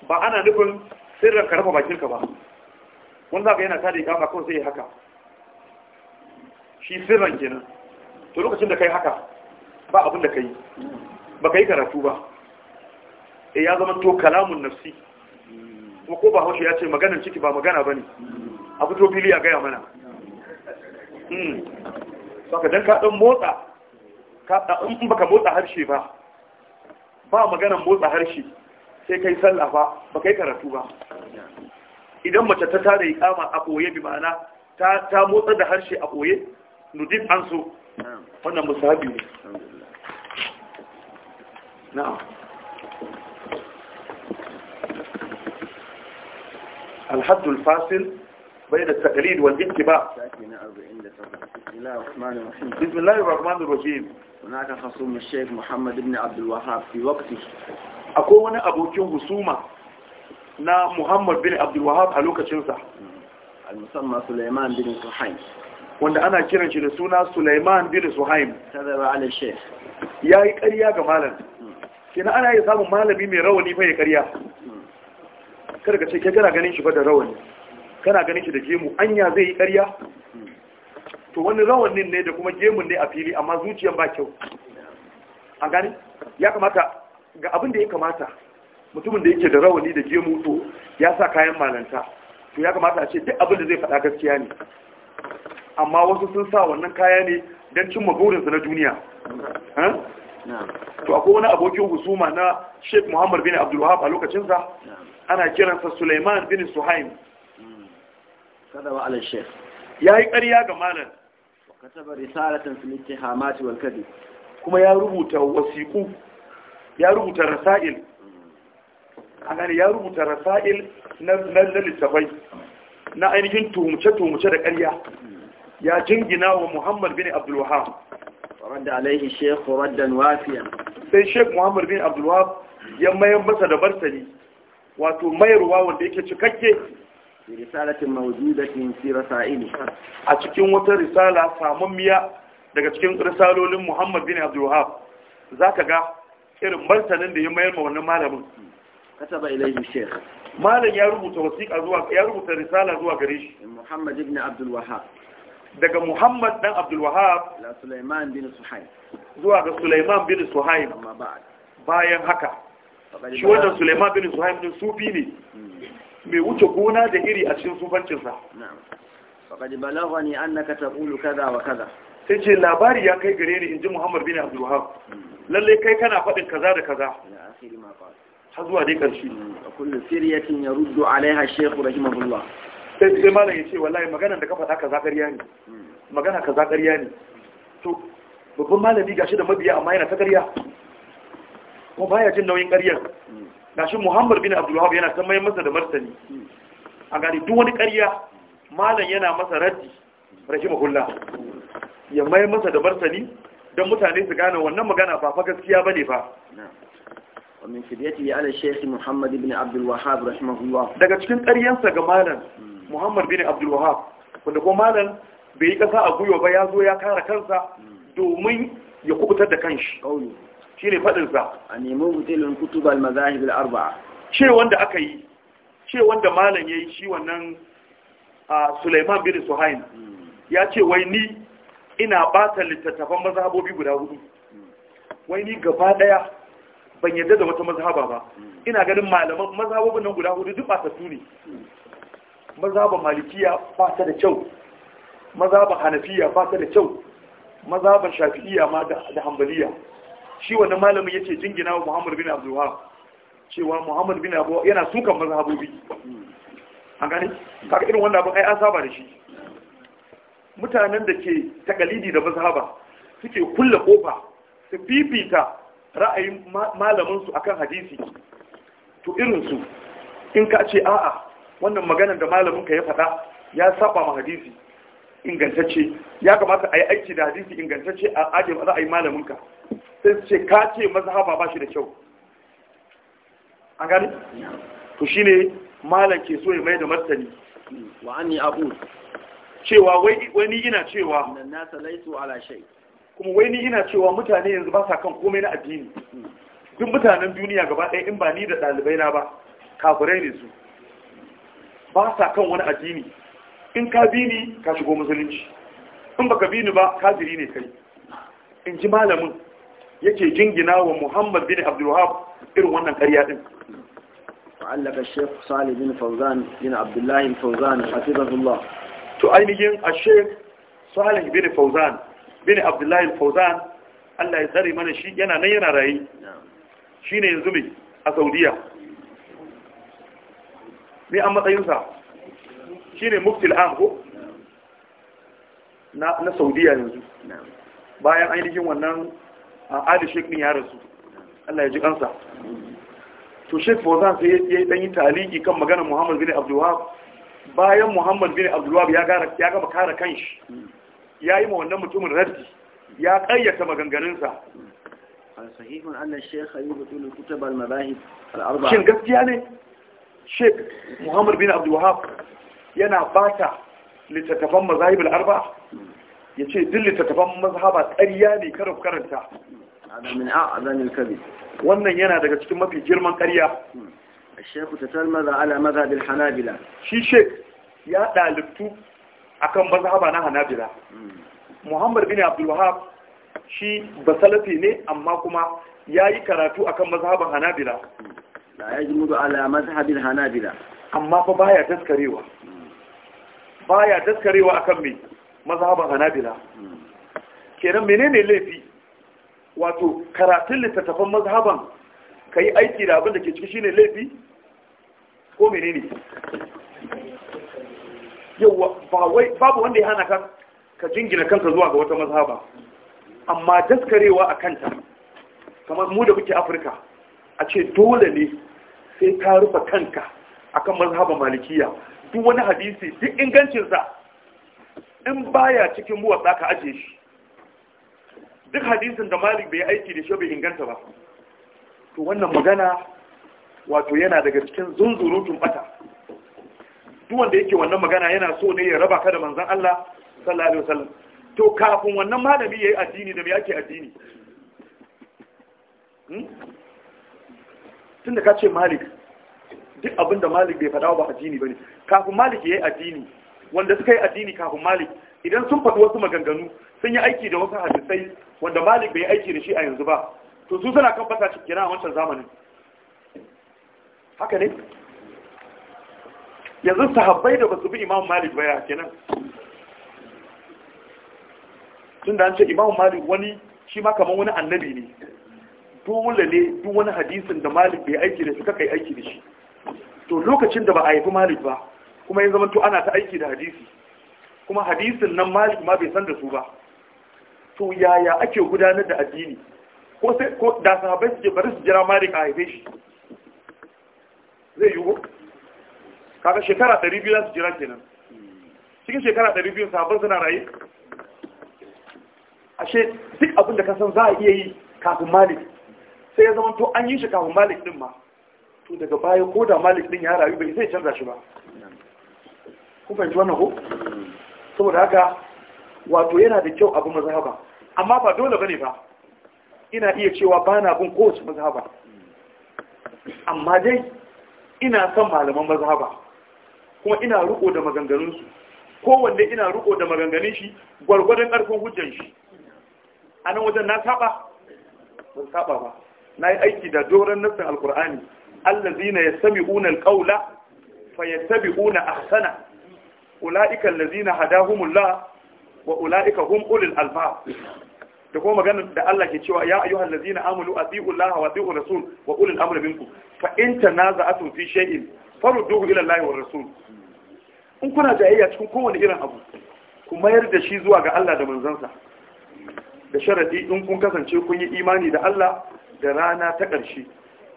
ba ana nufin sirran ka rafa bakinka ba wanda zaka yana tada ikama kawai sai ya haka shi sirran kenan to lokacin da ka yi haka ba abin da yi ba ka yi karatu ba e ya zama to kalamun nafsi kuma ko ba haushe ya ce maganar ciki ba magana ba ne a fito fili a gaya mana hmm. saka ka ɗan motsa in baka motsa harshe ba ba maganan motsa harshe sai kai sallah ba ba kai karatu ba idan mace ta tada iqama a koye bi ma'ana ta ta motsa da harshe a koye nudif an so wannan musabi ne na'am الحد الفاصل بين التقليد والانتباع بسم الله الرحمن الرحيم هناك خصوم الشيخ محمد بن عبد الوهاب في وقته أكون أبوكين خصومة نا محمد بن عبد الوهاب هلوكا تشنسا المسمى سليمان بن سحيم wanda ana kiran shi da suna Sulaiman bin Suhaim kadaba ala sheikh yayi ƙarya ga malam kina ana yi samun malami mai rawani fa ya ƙarya ka ce kana ganin shi ba da rawani kana ganin shi da gemu anya zai yi ƙarya to wani rawanin ne da kuma gemun ne a fili amma zuciyan ba kyau A gani ya kamata ga abin da ya kamata mutumin da yake da rawani da gemu to ya sa kayan malanta to ya kamata a ce duk abin da zai faɗa gaskiya ne amma wasu sun sa wannan kaya ne don cimma burinsu na duniya to akwai wani abokin husuma na sheikh muhammad bin abdulwahab a lokacinsa ana kiransa suleiman bin suhaim wa ala shekh ya yi ƙarya ga malam wa kataba risalatan fil ittihamati wal kadhib kuma ya rubuta wasiqu ya rubuta rasail an ya rubuta rasail na na littafai na ainihin tuhumce tuhumce da ƙarya ya jingina wa Muhammad bin Abdul Wahhab radda alaihi shekh raddan wafiyan sai shekh Muhammad bin Abdul Wahhab ya mayar masa da martani. wato mayarwa wanda yake cikakke risalatin mawjudatin fi rasaili a cikin wata risala samammiya daga cikin risalolin Muhammad bin Abdul Wahhab zaka ga irin martanin da ya mayar ma wannan malamin kataba ilayhi sheikh malam ya rubuta wasiqa zuwa ya rubuta risala zuwa gare shi Muhammad ibn Abdul Wahhab daga Muhammad dan Abdul Wahhab la Sulaiman bin zuwa ga Sulaiman bin Suhaib amma bayan haka shi wannan Sulaiman bin Suhaib din sufi ne hmm. mai wuce gona da iri a cikin sufancinsa faƙadi balawa ne an na kata taɓulu kaza wa kaza sai ce labari ya kai gare ni in ji muhammad bin Wahab. Hmm. lallai kai kana faɗin kaza da kaza har zuwa dai ƙarshe hmm. a kullum siriyatin ya rudu alaiha shekhu Abdullah. sai sai malam ya ce wallahi magana da ka faɗa kaza ƙarya ne hmm. magana ka ƙarya ne to babban malami gashi da mabiya amma yana ta ƙarya kuma baya jin nauyin ƙaryar gashi muhammad bin abdullahi yana san mai masa da martani a gani duk wani ƙarya malam yana masa raddi rahimahullah ya mai masa da martani don mutane su gane wannan magana ba fa gaskiya ne ba ومن فديته على الشيخ محمد بن عبد الوهاب رحمه الله daga cikin ƙaryansa ga malam Muhammad bin Abdul wanda kuma malam bai yi kasa a guyo ba ya zo ya kare kansa domin ya kubutar da kanshi kauli shine fadin sa a nemi mutilin kutubal mazahib al arba'a ce wanda aka yi ce wanda malam yayi shi wannan Sulaiman bin Suhain hmm. ya ce wai ni ina bata littattafan mazhabobi guda hudu wai ni gaba ɗaya ban yadda da wata mazhaba ba hmm. ina ganin malaman mazhabobin nan guda hudu duk su ne hmm. mazhaba malikiya ba ta da kyau mazhaba hanafiya ba ta da kyau mazhaba shafi'iya ma da hanbaliya shi wannan malamin yace jingina wa Muhammad bin Abdul cewa Muhammad bin Abu yana sukan mazhabobi an gane kaga irin wanda abin ai an saba da shi mutanen da ke takalidi da mazhaba suke kulle kofa su fifita ra'ayin malamin su akan hadisi to irin su in ka ce a'a wannan maganar da malamin ya faɗa ya saba ma hadisi ingantacce ya kamata a yi aiki da hadisi ingantacce a ajiyar za a yi malamin sai su ce ka ce mazhaba ba shi da kyau an gani to shine malam ke so ya mai da martani wa an yi abu cewa wai wani ina cewa na nasa laisu ala shai kuma wai ni ina cewa mutane yanzu ba sa kan komai na addini duk mutanen duniya gaba ɗaya in ba ni da ɗalibai na ba kafirai ne su ba sa kan wani addini in ka bi ni ka shigo musulunci in baka bi ni ba kafiri ne kai in ji malamin yake jingina wa Muhammad bin Abdul irin wannan karya din ta'allaq al-Sheikh Salih bin Fawzan bin Abdullah al-Fawzan hafizahullah to ainihin a sheikh Salih bin Fawzan bin Abdullahi al-Fawzan Allah ya tsare mana shi yana nan yana rayi ne yanzu ne a Saudiya me an matsayinsa shine muftil am ko na Saudiya yanzu bayan ainihin wannan ali sheik ya rasu Allah ya ji kansa to sheik Fauzan sai ya dan yi taliki kan maganar Muhammad bin Abdul bayan Muhammad bin Abdul ya gara ya gaba kare kanshi yayi ma wannan mutumin raddi ya ƙayyata maganganunsa Shin gaskiya ne يبطل كتب المذاهب الأربعة yana bata littattafan mazahib al ya ce duk taban mazhaba ƙarya ne kada ku karanta wannan yana daga cikin mafi girman ƙarya الشيخ تتلمذ على مذهب الحنابلة شي شيخ يا دالبتو akan mazhaba na Hanabila hmm. Muhammad bin Abdulwahab shi ba salafi ne amma kuma ya yi karatu akan mazhaban Hanabila hmm. la yajmudu ala mazhabil Hanabila amma fa baya daskarewa hmm. baya daskarewa akan me mazhaban hanabila kenan menene laifi wato karatun littattafan mazhaban ka aiki da abin da ke ciki shine laifi ko menene yawa babu wanda ya hana ka ka jingina kanka zuwa ga wata mazhaba amma daskarewa a kanta kamar mu da muke afirka a ce dole ne sai ka rufe kanka akan mazhaban malikiya duk wani hadisi duk ingancinsa in baya cikin muwatsa ka ajiye shi duk hadisin da malik bai aiki da shi bai inganta ba to wannan magana wato yana daga cikin zunzurutun bata duk wanda yake wannan magana yana so ne ya raba ka da manzon Allah sallallahu alaihi wasallam to kafin wannan malami yayi addini da me yake addini hmm? tunda ka ce malik duk abinda malik bai fada ba addini bane kafin malik yayi addini wanda suka yi addini kafin malik idan sun faɗi wasu maganganu sun yi aiki da wasu hadisai wanda malik bai aiki da shi a yanzu ba to su suna kan fata cikin a wancan zamanin haka ne yanzu sahabbai da basu bi imam malik ba ya kenan tun da an ce imam malik wani shi ma kamar wani annabi ne dole ne duk wani hadisin da malik bai aiki da shi kakai aiki da shi to lokacin da ba a haifi malik ba kuma yin zamanto ana ta aiki da hadisi kuma hadisin nan malik ma bai san da su ba to yaya ake gudanar da addini ko sai ko da sahabbai suke bari su jira malik a haife shi zai yiwu kaga shekara 200 za su jira kenan cikin shekara 200 sahabbai suna raye ashe duk abin da ka san za a iya yi kafin malik sai ya zama to an yi shi kafin malik din ma to daga baya ko da malik din ya rayu bai sai canza shi ba Ku fahimci wannan ko saboda haka wato yana da kyau abin mazhaba amma ba dole bane ba ina iya cewa bana na bin kowace mazhaba amma dai ina son malaman mazhaba kuma ina riko da maganganunsu kowanne ina riko da maganganun shi gwargwadon karfin hujjan shi a nan wajen na saba ban saba ba na yi aiki da doron nassin alkur'ani allazi na ya sami unan ƙaula fa ya sami unan ahsana ula'ika allazina hadahumullah wa ula'ika hum ulil Alfa, da kuma maganar da Allah ke cewa ya ayyuhal ladzina amanu atiiu Allah wa atiiu rasul wa ulil amri minkum fa in tanaza'tum fi shay'in farudduhu ila Allah wa rasul in kuna jayayya cikin kowane irin abu ku mayar da shi zuwa ga Allah da manzansa da sharadi in kun kasance kun yi imani da Allah da rana ta ƙarshe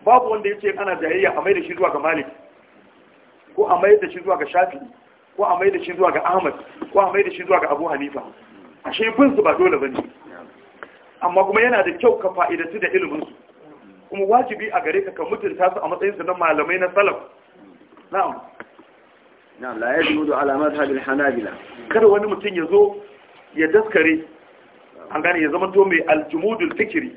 babu wanda ya ce ana jayayya a mai da shi zuwa ga Malik ko a mai da shi zuwa ga Shafi'i ko a mai da shi zuwa ga ahmad ko a mai da shi zuwa ga abu hanifa ashe bin su ba dole ba ne amma kuma yana da kyau ka fa'idantu da su kuma wajibi a gare ka ka mutunta su a matsayinsu na malamai na salaf na'am na'am la yajudu ala al hanabila kada wani mutum ya zo ya daskare an gane ya zama to mai aljumudul fikri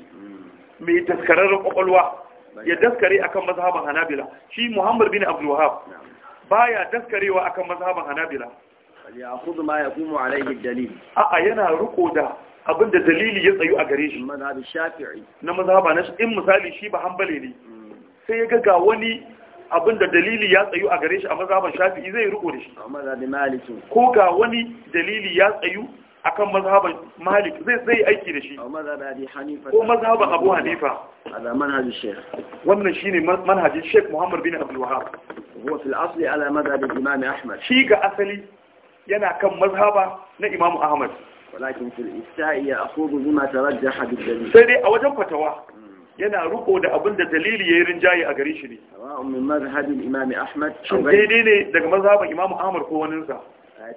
mai daskararren kokolwa ya daskare akan mazhaban hanabila shi muhammad bin abdul wahab baya daskarewa akan mazhaban hanabila ali kudu ma ya alayhi alaihi dalil a'a yana ruko da abinda dalili ya tsayu a gare shi mazhabi shafi'i na mazhaba na in misali shi ba hanbali ne sai ya ga ga wani abinda dalili ya tsayu a gare shi a mazhaban shafi'i zai ruko da shi ko ga wani dalili ya tsayu akan mazhaban malik zai zai aiki da shi ko mazhaban abu hanifa ala manhajin sheikh wannan shine manhajin sheikh muhammad bin abdul wahab huwa fil asli ala madhhab imam ahmad shi ga asali yana kan mazhaba na imam ahmad walakin fil ista'i ya'khudhu bima tarajjaha bid dalil sai dai a wajen fatawa yana riko da abin da dalili ya yi rinjaye a gare shi ne. Min mazhabin Imam Ahmad. Shin daidai ne daga mazhabin Imam Ahmad ko waninsa? Ya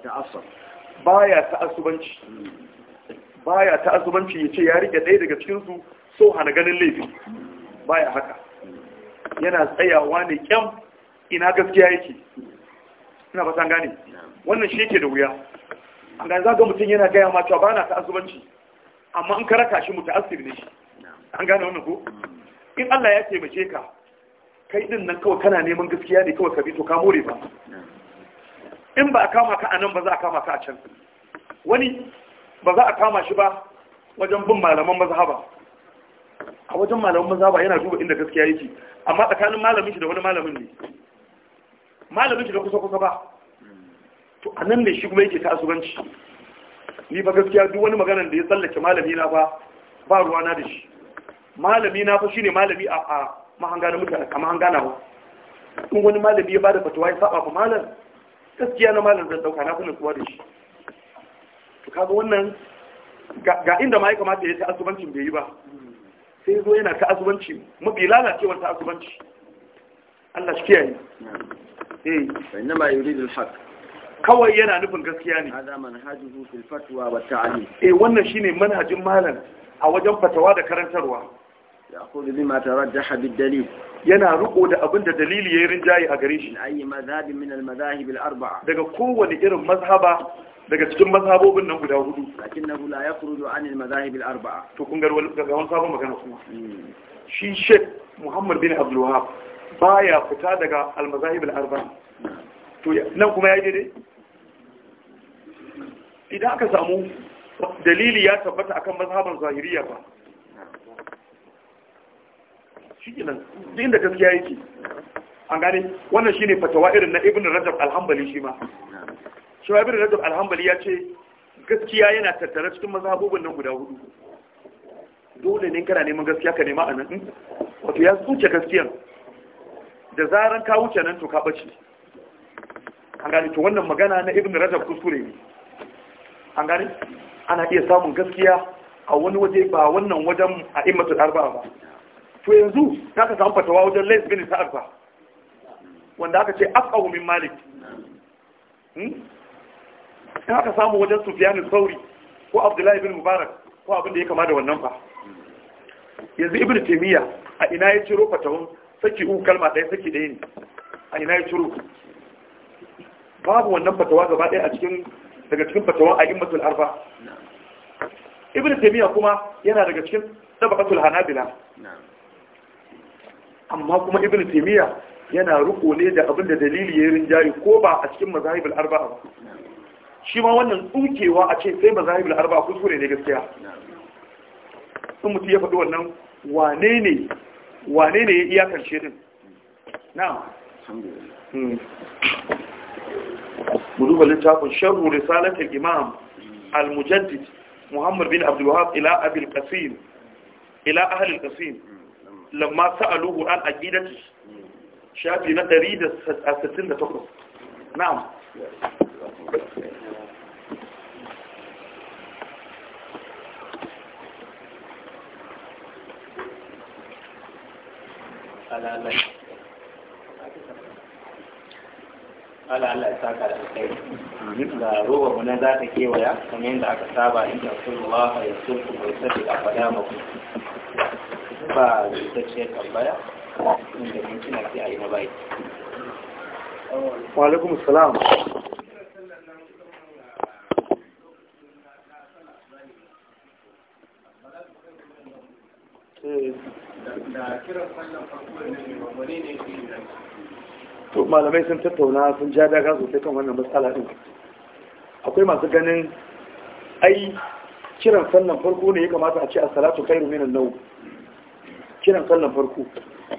baya ta'assubanci baya ta'assubanci ya ce ya rike ɗaya daga cikinsu so hana ganin laifi baya haka yana tsayawa ne kyam ina gaskiya yake ina ba san gane wannan shi yake da wuya an ga zaga mutum yana gaya ma cewa bana ta'assubanci amma an karaka shi mu ta'assir ne shi an gane wannan ko in Allah ya taimake ka kai din nan kawai kana neman gaskiya ne kawai ka bi to ka more ba in ba a kama ka a nan ba za a kama ka a can wani ba za a kama shi ba wajen bin malaman mazhaba a wajen malaman mazhaba yana duba inda gaskiya yake amma tsakanin malamin shi da wani malamin ne malamin shi da kusa kusa ba to a nan ne shi kuma yake tasubanci ni ba gaskiya duk wani maganar da ya tsallake malami na ba ba ruwa na da shi malami na fa shine malami a mahanga na mutane kamar hanga na ba in wani malami ya bada fatawa ya saba fa malam gaskiya na malam da dauka na kuna nutsuwa da shi kaga wannan ga inda ma ya kamata ya ta asubancin bai yi ba sai zo yana ta mafi lalacewar ta Allah shi kiyaye eh inna ma yuri al-haq kawai yana nufin gaskiya ne hada manhajuhu fil fatwa wa ta'lim eh wannan shine manhajin malam a wajen fatawa da karantarwa يأخذ بما ترجح بالدليل yana riko da abinda da dalili yayin rinjaye a gare shi ayi mazhabin min al-madahib al-arba'a daga kowane irin mazhaba daga cikin mazhabobin nan guda hudu lakinnahu la yakhruju an al-madahib al-arba'a to kun garwa daga wani sabon magana kuma shi Sheikh Muhammad bin Abdul Wahhab baya fita daga al-madahib al-arba'a to nan kuma yayi dai idan aka samu dalili ya tabbata akan mazhaban zahiriya ba shikenan duk inda gaskiya yake an gane wannan shine fatawa irin na ibn rajab alhambali hanbali shi ma shi ibn rajab alhambali ya ce gaskiya yana tattare cikin mazhabubin nan guda hudu dole ne kana neman gaskiya ka nema anan wato ya tsuce gaskiyan da zaran ka wuce nan to ka bace an gane to wannan magana na ibn rajab kuskure ne an gane ana iya samun gaskiya a wani waje ba wannan wajen a immatul arba'a ba to yanzu za ka samu fatawa wajen lais bin sa'ad wanda aka ce afqahu min malik hmm za ka samu wajen sufyan sauri ko abdullahi bin mubarak ko abin da ya kama da wannan fa yanzu ibn taymiya a ina ya ciro fatawun saki u kalma ɗaya saki ɗaya ne a ina ya ciro babu wannan fatawa gaba ɗaya a cikin daga cikin fatawan a'immatul arba ibn taymiya kuma yana daga cikin tabaqatul hanabila amma kuma ibn taymiya yana riko ne da abin da dalili ya rinjayi, ko ba a cikin al arba'a ba shi ma wannan tsukewa a ce sai al arba'a kuskure ne gaskiya in ya faɗi wannan wane ne wane ne ya karshe din na'am hmm. mu duba littafin sharru risalatul imam al-mujaddid muhammad bin abdul wahab ila abil qasim ila ahli al-qasim لما سألوه عن عقيدته شافي نقريد أستسلم لكم نعم ألا ألا ألا ألا أساك على الخير روح من ذاتك ويا كمين دعك سابع إن رسول الله يسلكم ويسلكم ويسلكم ا ba cikakkiyar tambaya inda fi a yi na bayi wa salam to malamai sun tattauna sun ja daga sosai kan wannan matsala din akwai masu ganin ai kiran sannan farko ne ya kamata a ce a salatu kai minan nau kiran sallan farko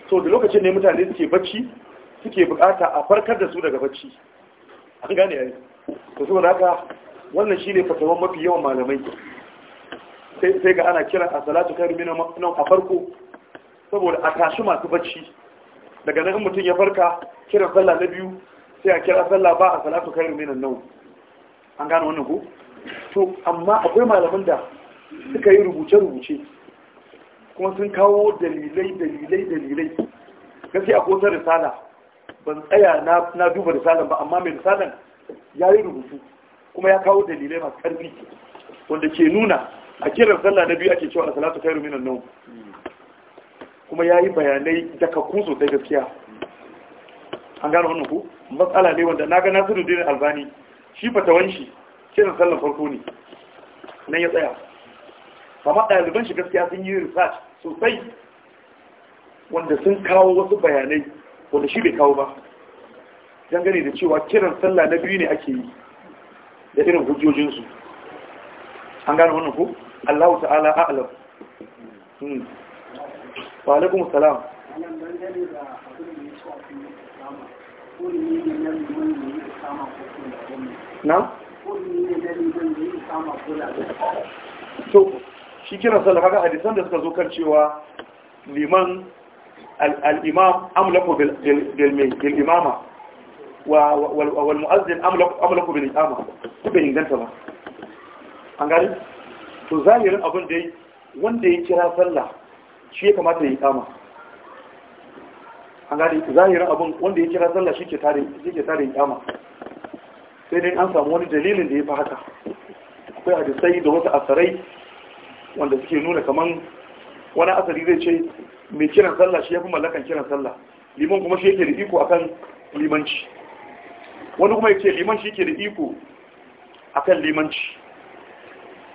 so da lokacin ne mutane suke bacci suke bukata a farkar da su daga bacci an gane yayi to saboda haka wannan shine fatawan mafi yawan malamai sai sai ga ana kiran a salatu karimi na a farko saboda a tashi masu bacci daga nan mutum ya farka kiran sallah na biyu sai a kira sallah ba a salatu karimi na an gane wannan ko to amma akwai malaman da suka yi rubuce-rubuce kuma sun kawo dalilai dalilai dalilai gaskiya ko ta risala ban tsaya na duba risalan ba amma mai risalan ya yi rubutu kuma ya kawo dalilai masu ƙarfi wanda ke nuna a kiran sallah na biyu ake cewa salatu khairu minan nan, kuma ya yi bayanai kuso ta gaskiya an gano wannan ku matsala ne wanda na ga Nasiruddin Albani shi fatawan wanshi, kiran sallar farko ne nan ya tsaya amma ɗaliban shi gaskiya sun yi research sosai wanda sun kawo wasu bayanai wanda shi bai kawo ba dangane da cewa kiran sallah na biyu ne ake yi da irin hujjojinsu an gane wannan ku? Allahu ta'ala a'lam hmm. wa alaikum salam na? shi kiran sallah daga hadisan da suka zo kan cewa liman al-imam amlaku bil imama wa wal muazzin amlaku amlaku bil imama kuma inganta ba an gani to zahirin abin da wanda ya kira sallah shi ya kamata ya kama an gani zahirin abin wanda ya kira sallah shi ke tare shi ke tare sai dai an samu wani dalilin da ya fi haka akwai hadisai da wasu asarai wanda suke nuna kaman wani asali zai ce mai kiran sallah shi ya fi mallakan kiran sallah liman kuma shi yake da iko akan limanci wani kuma yake liman shi yake da iko akan limanci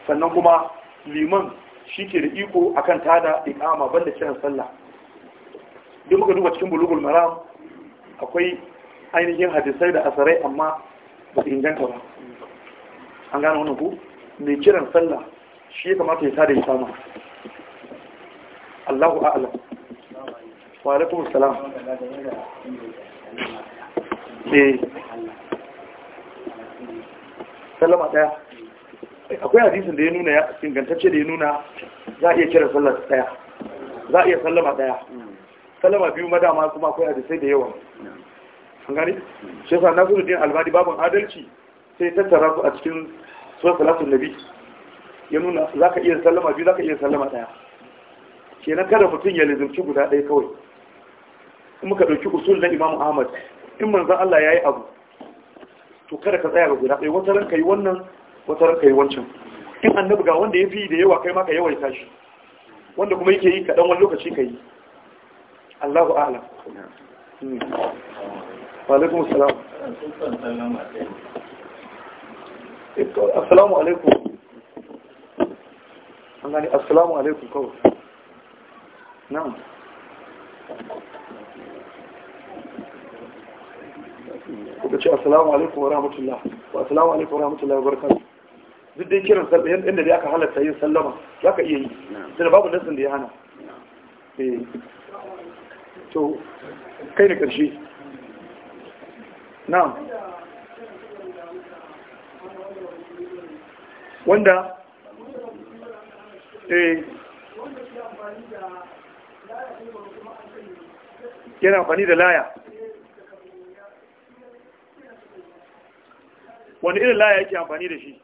sannan kuma liman shi ke da iko akan tada ikama banda kiran sallah duk muka duba cikin bulugul maram akwai ainihin hadisai da asarai amma ba su inganta ba an gane wannan ku mai kiran sallah shi ya kamata ya sada ya sama Allahu a'ala wa alaikum salam eh sallama daya akwai hadisun da ya nuna ya ingantacce da ya nuna za a iya kira sallar daya za a iya sallama daya sallama biyu madama kuma akwai hadisai da yawa an gani shi yasa nasiruddin albadi babban adalci sai tattara su a cikin sunan salatun nabi ya nuna za ka iya sallama biyu za ka iya sallama ɗaya kenan kada mutum ya lizimci guda ɗaya kawai in ka ɗauki usul na imam ahmad in manzan allah ya yi abu to kada ka tsaya ga guda ɗaya wata ranka yi wannan wata ranka yi wancan in annabi ga wanda ya fi da yawa kai maka yawaita shi wanda kuma yake yi kaɗan wani lokaci ka yi allahu a'lam alaikum salam assalamu alaikum an gani assalamu alaikum kawai na'am kuka ce assalamu alaikum wa rahmatullah wa assalamu alaikum wa rahmatullah wa barakatuh duk dai kiran sallah yadda da aka halatta yin sallama za ka iya yi tunda babu nasin da ya hana eh. to kai na ƙarshe na'am wanda eh yana amfani da laya wani irin laya yake amfani da shi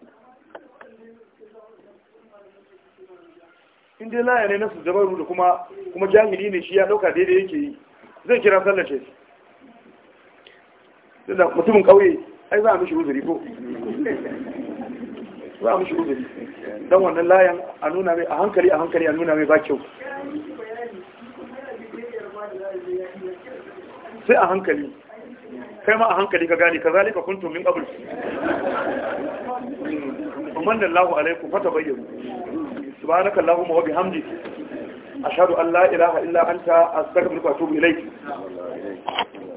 inda laya ne na su dabaru da kuma kuma jahili ne shi ya dauka daidai yake yi zai kira sallar shi mutumin kawai ai za a mishi uzuri ko *laughs* za a mishi uzuri dan wannan layan a nuna mai a hankali a hankali a nuna mai ba kyau sai a hankali kai ma a hankali ka gane ka kuntum min qabl da Allahu alaikum fata bayyana subhanaka allahumma wa bihamdika ashhadu an la ilaha illa anta astaghfiruka wa atubu ilayk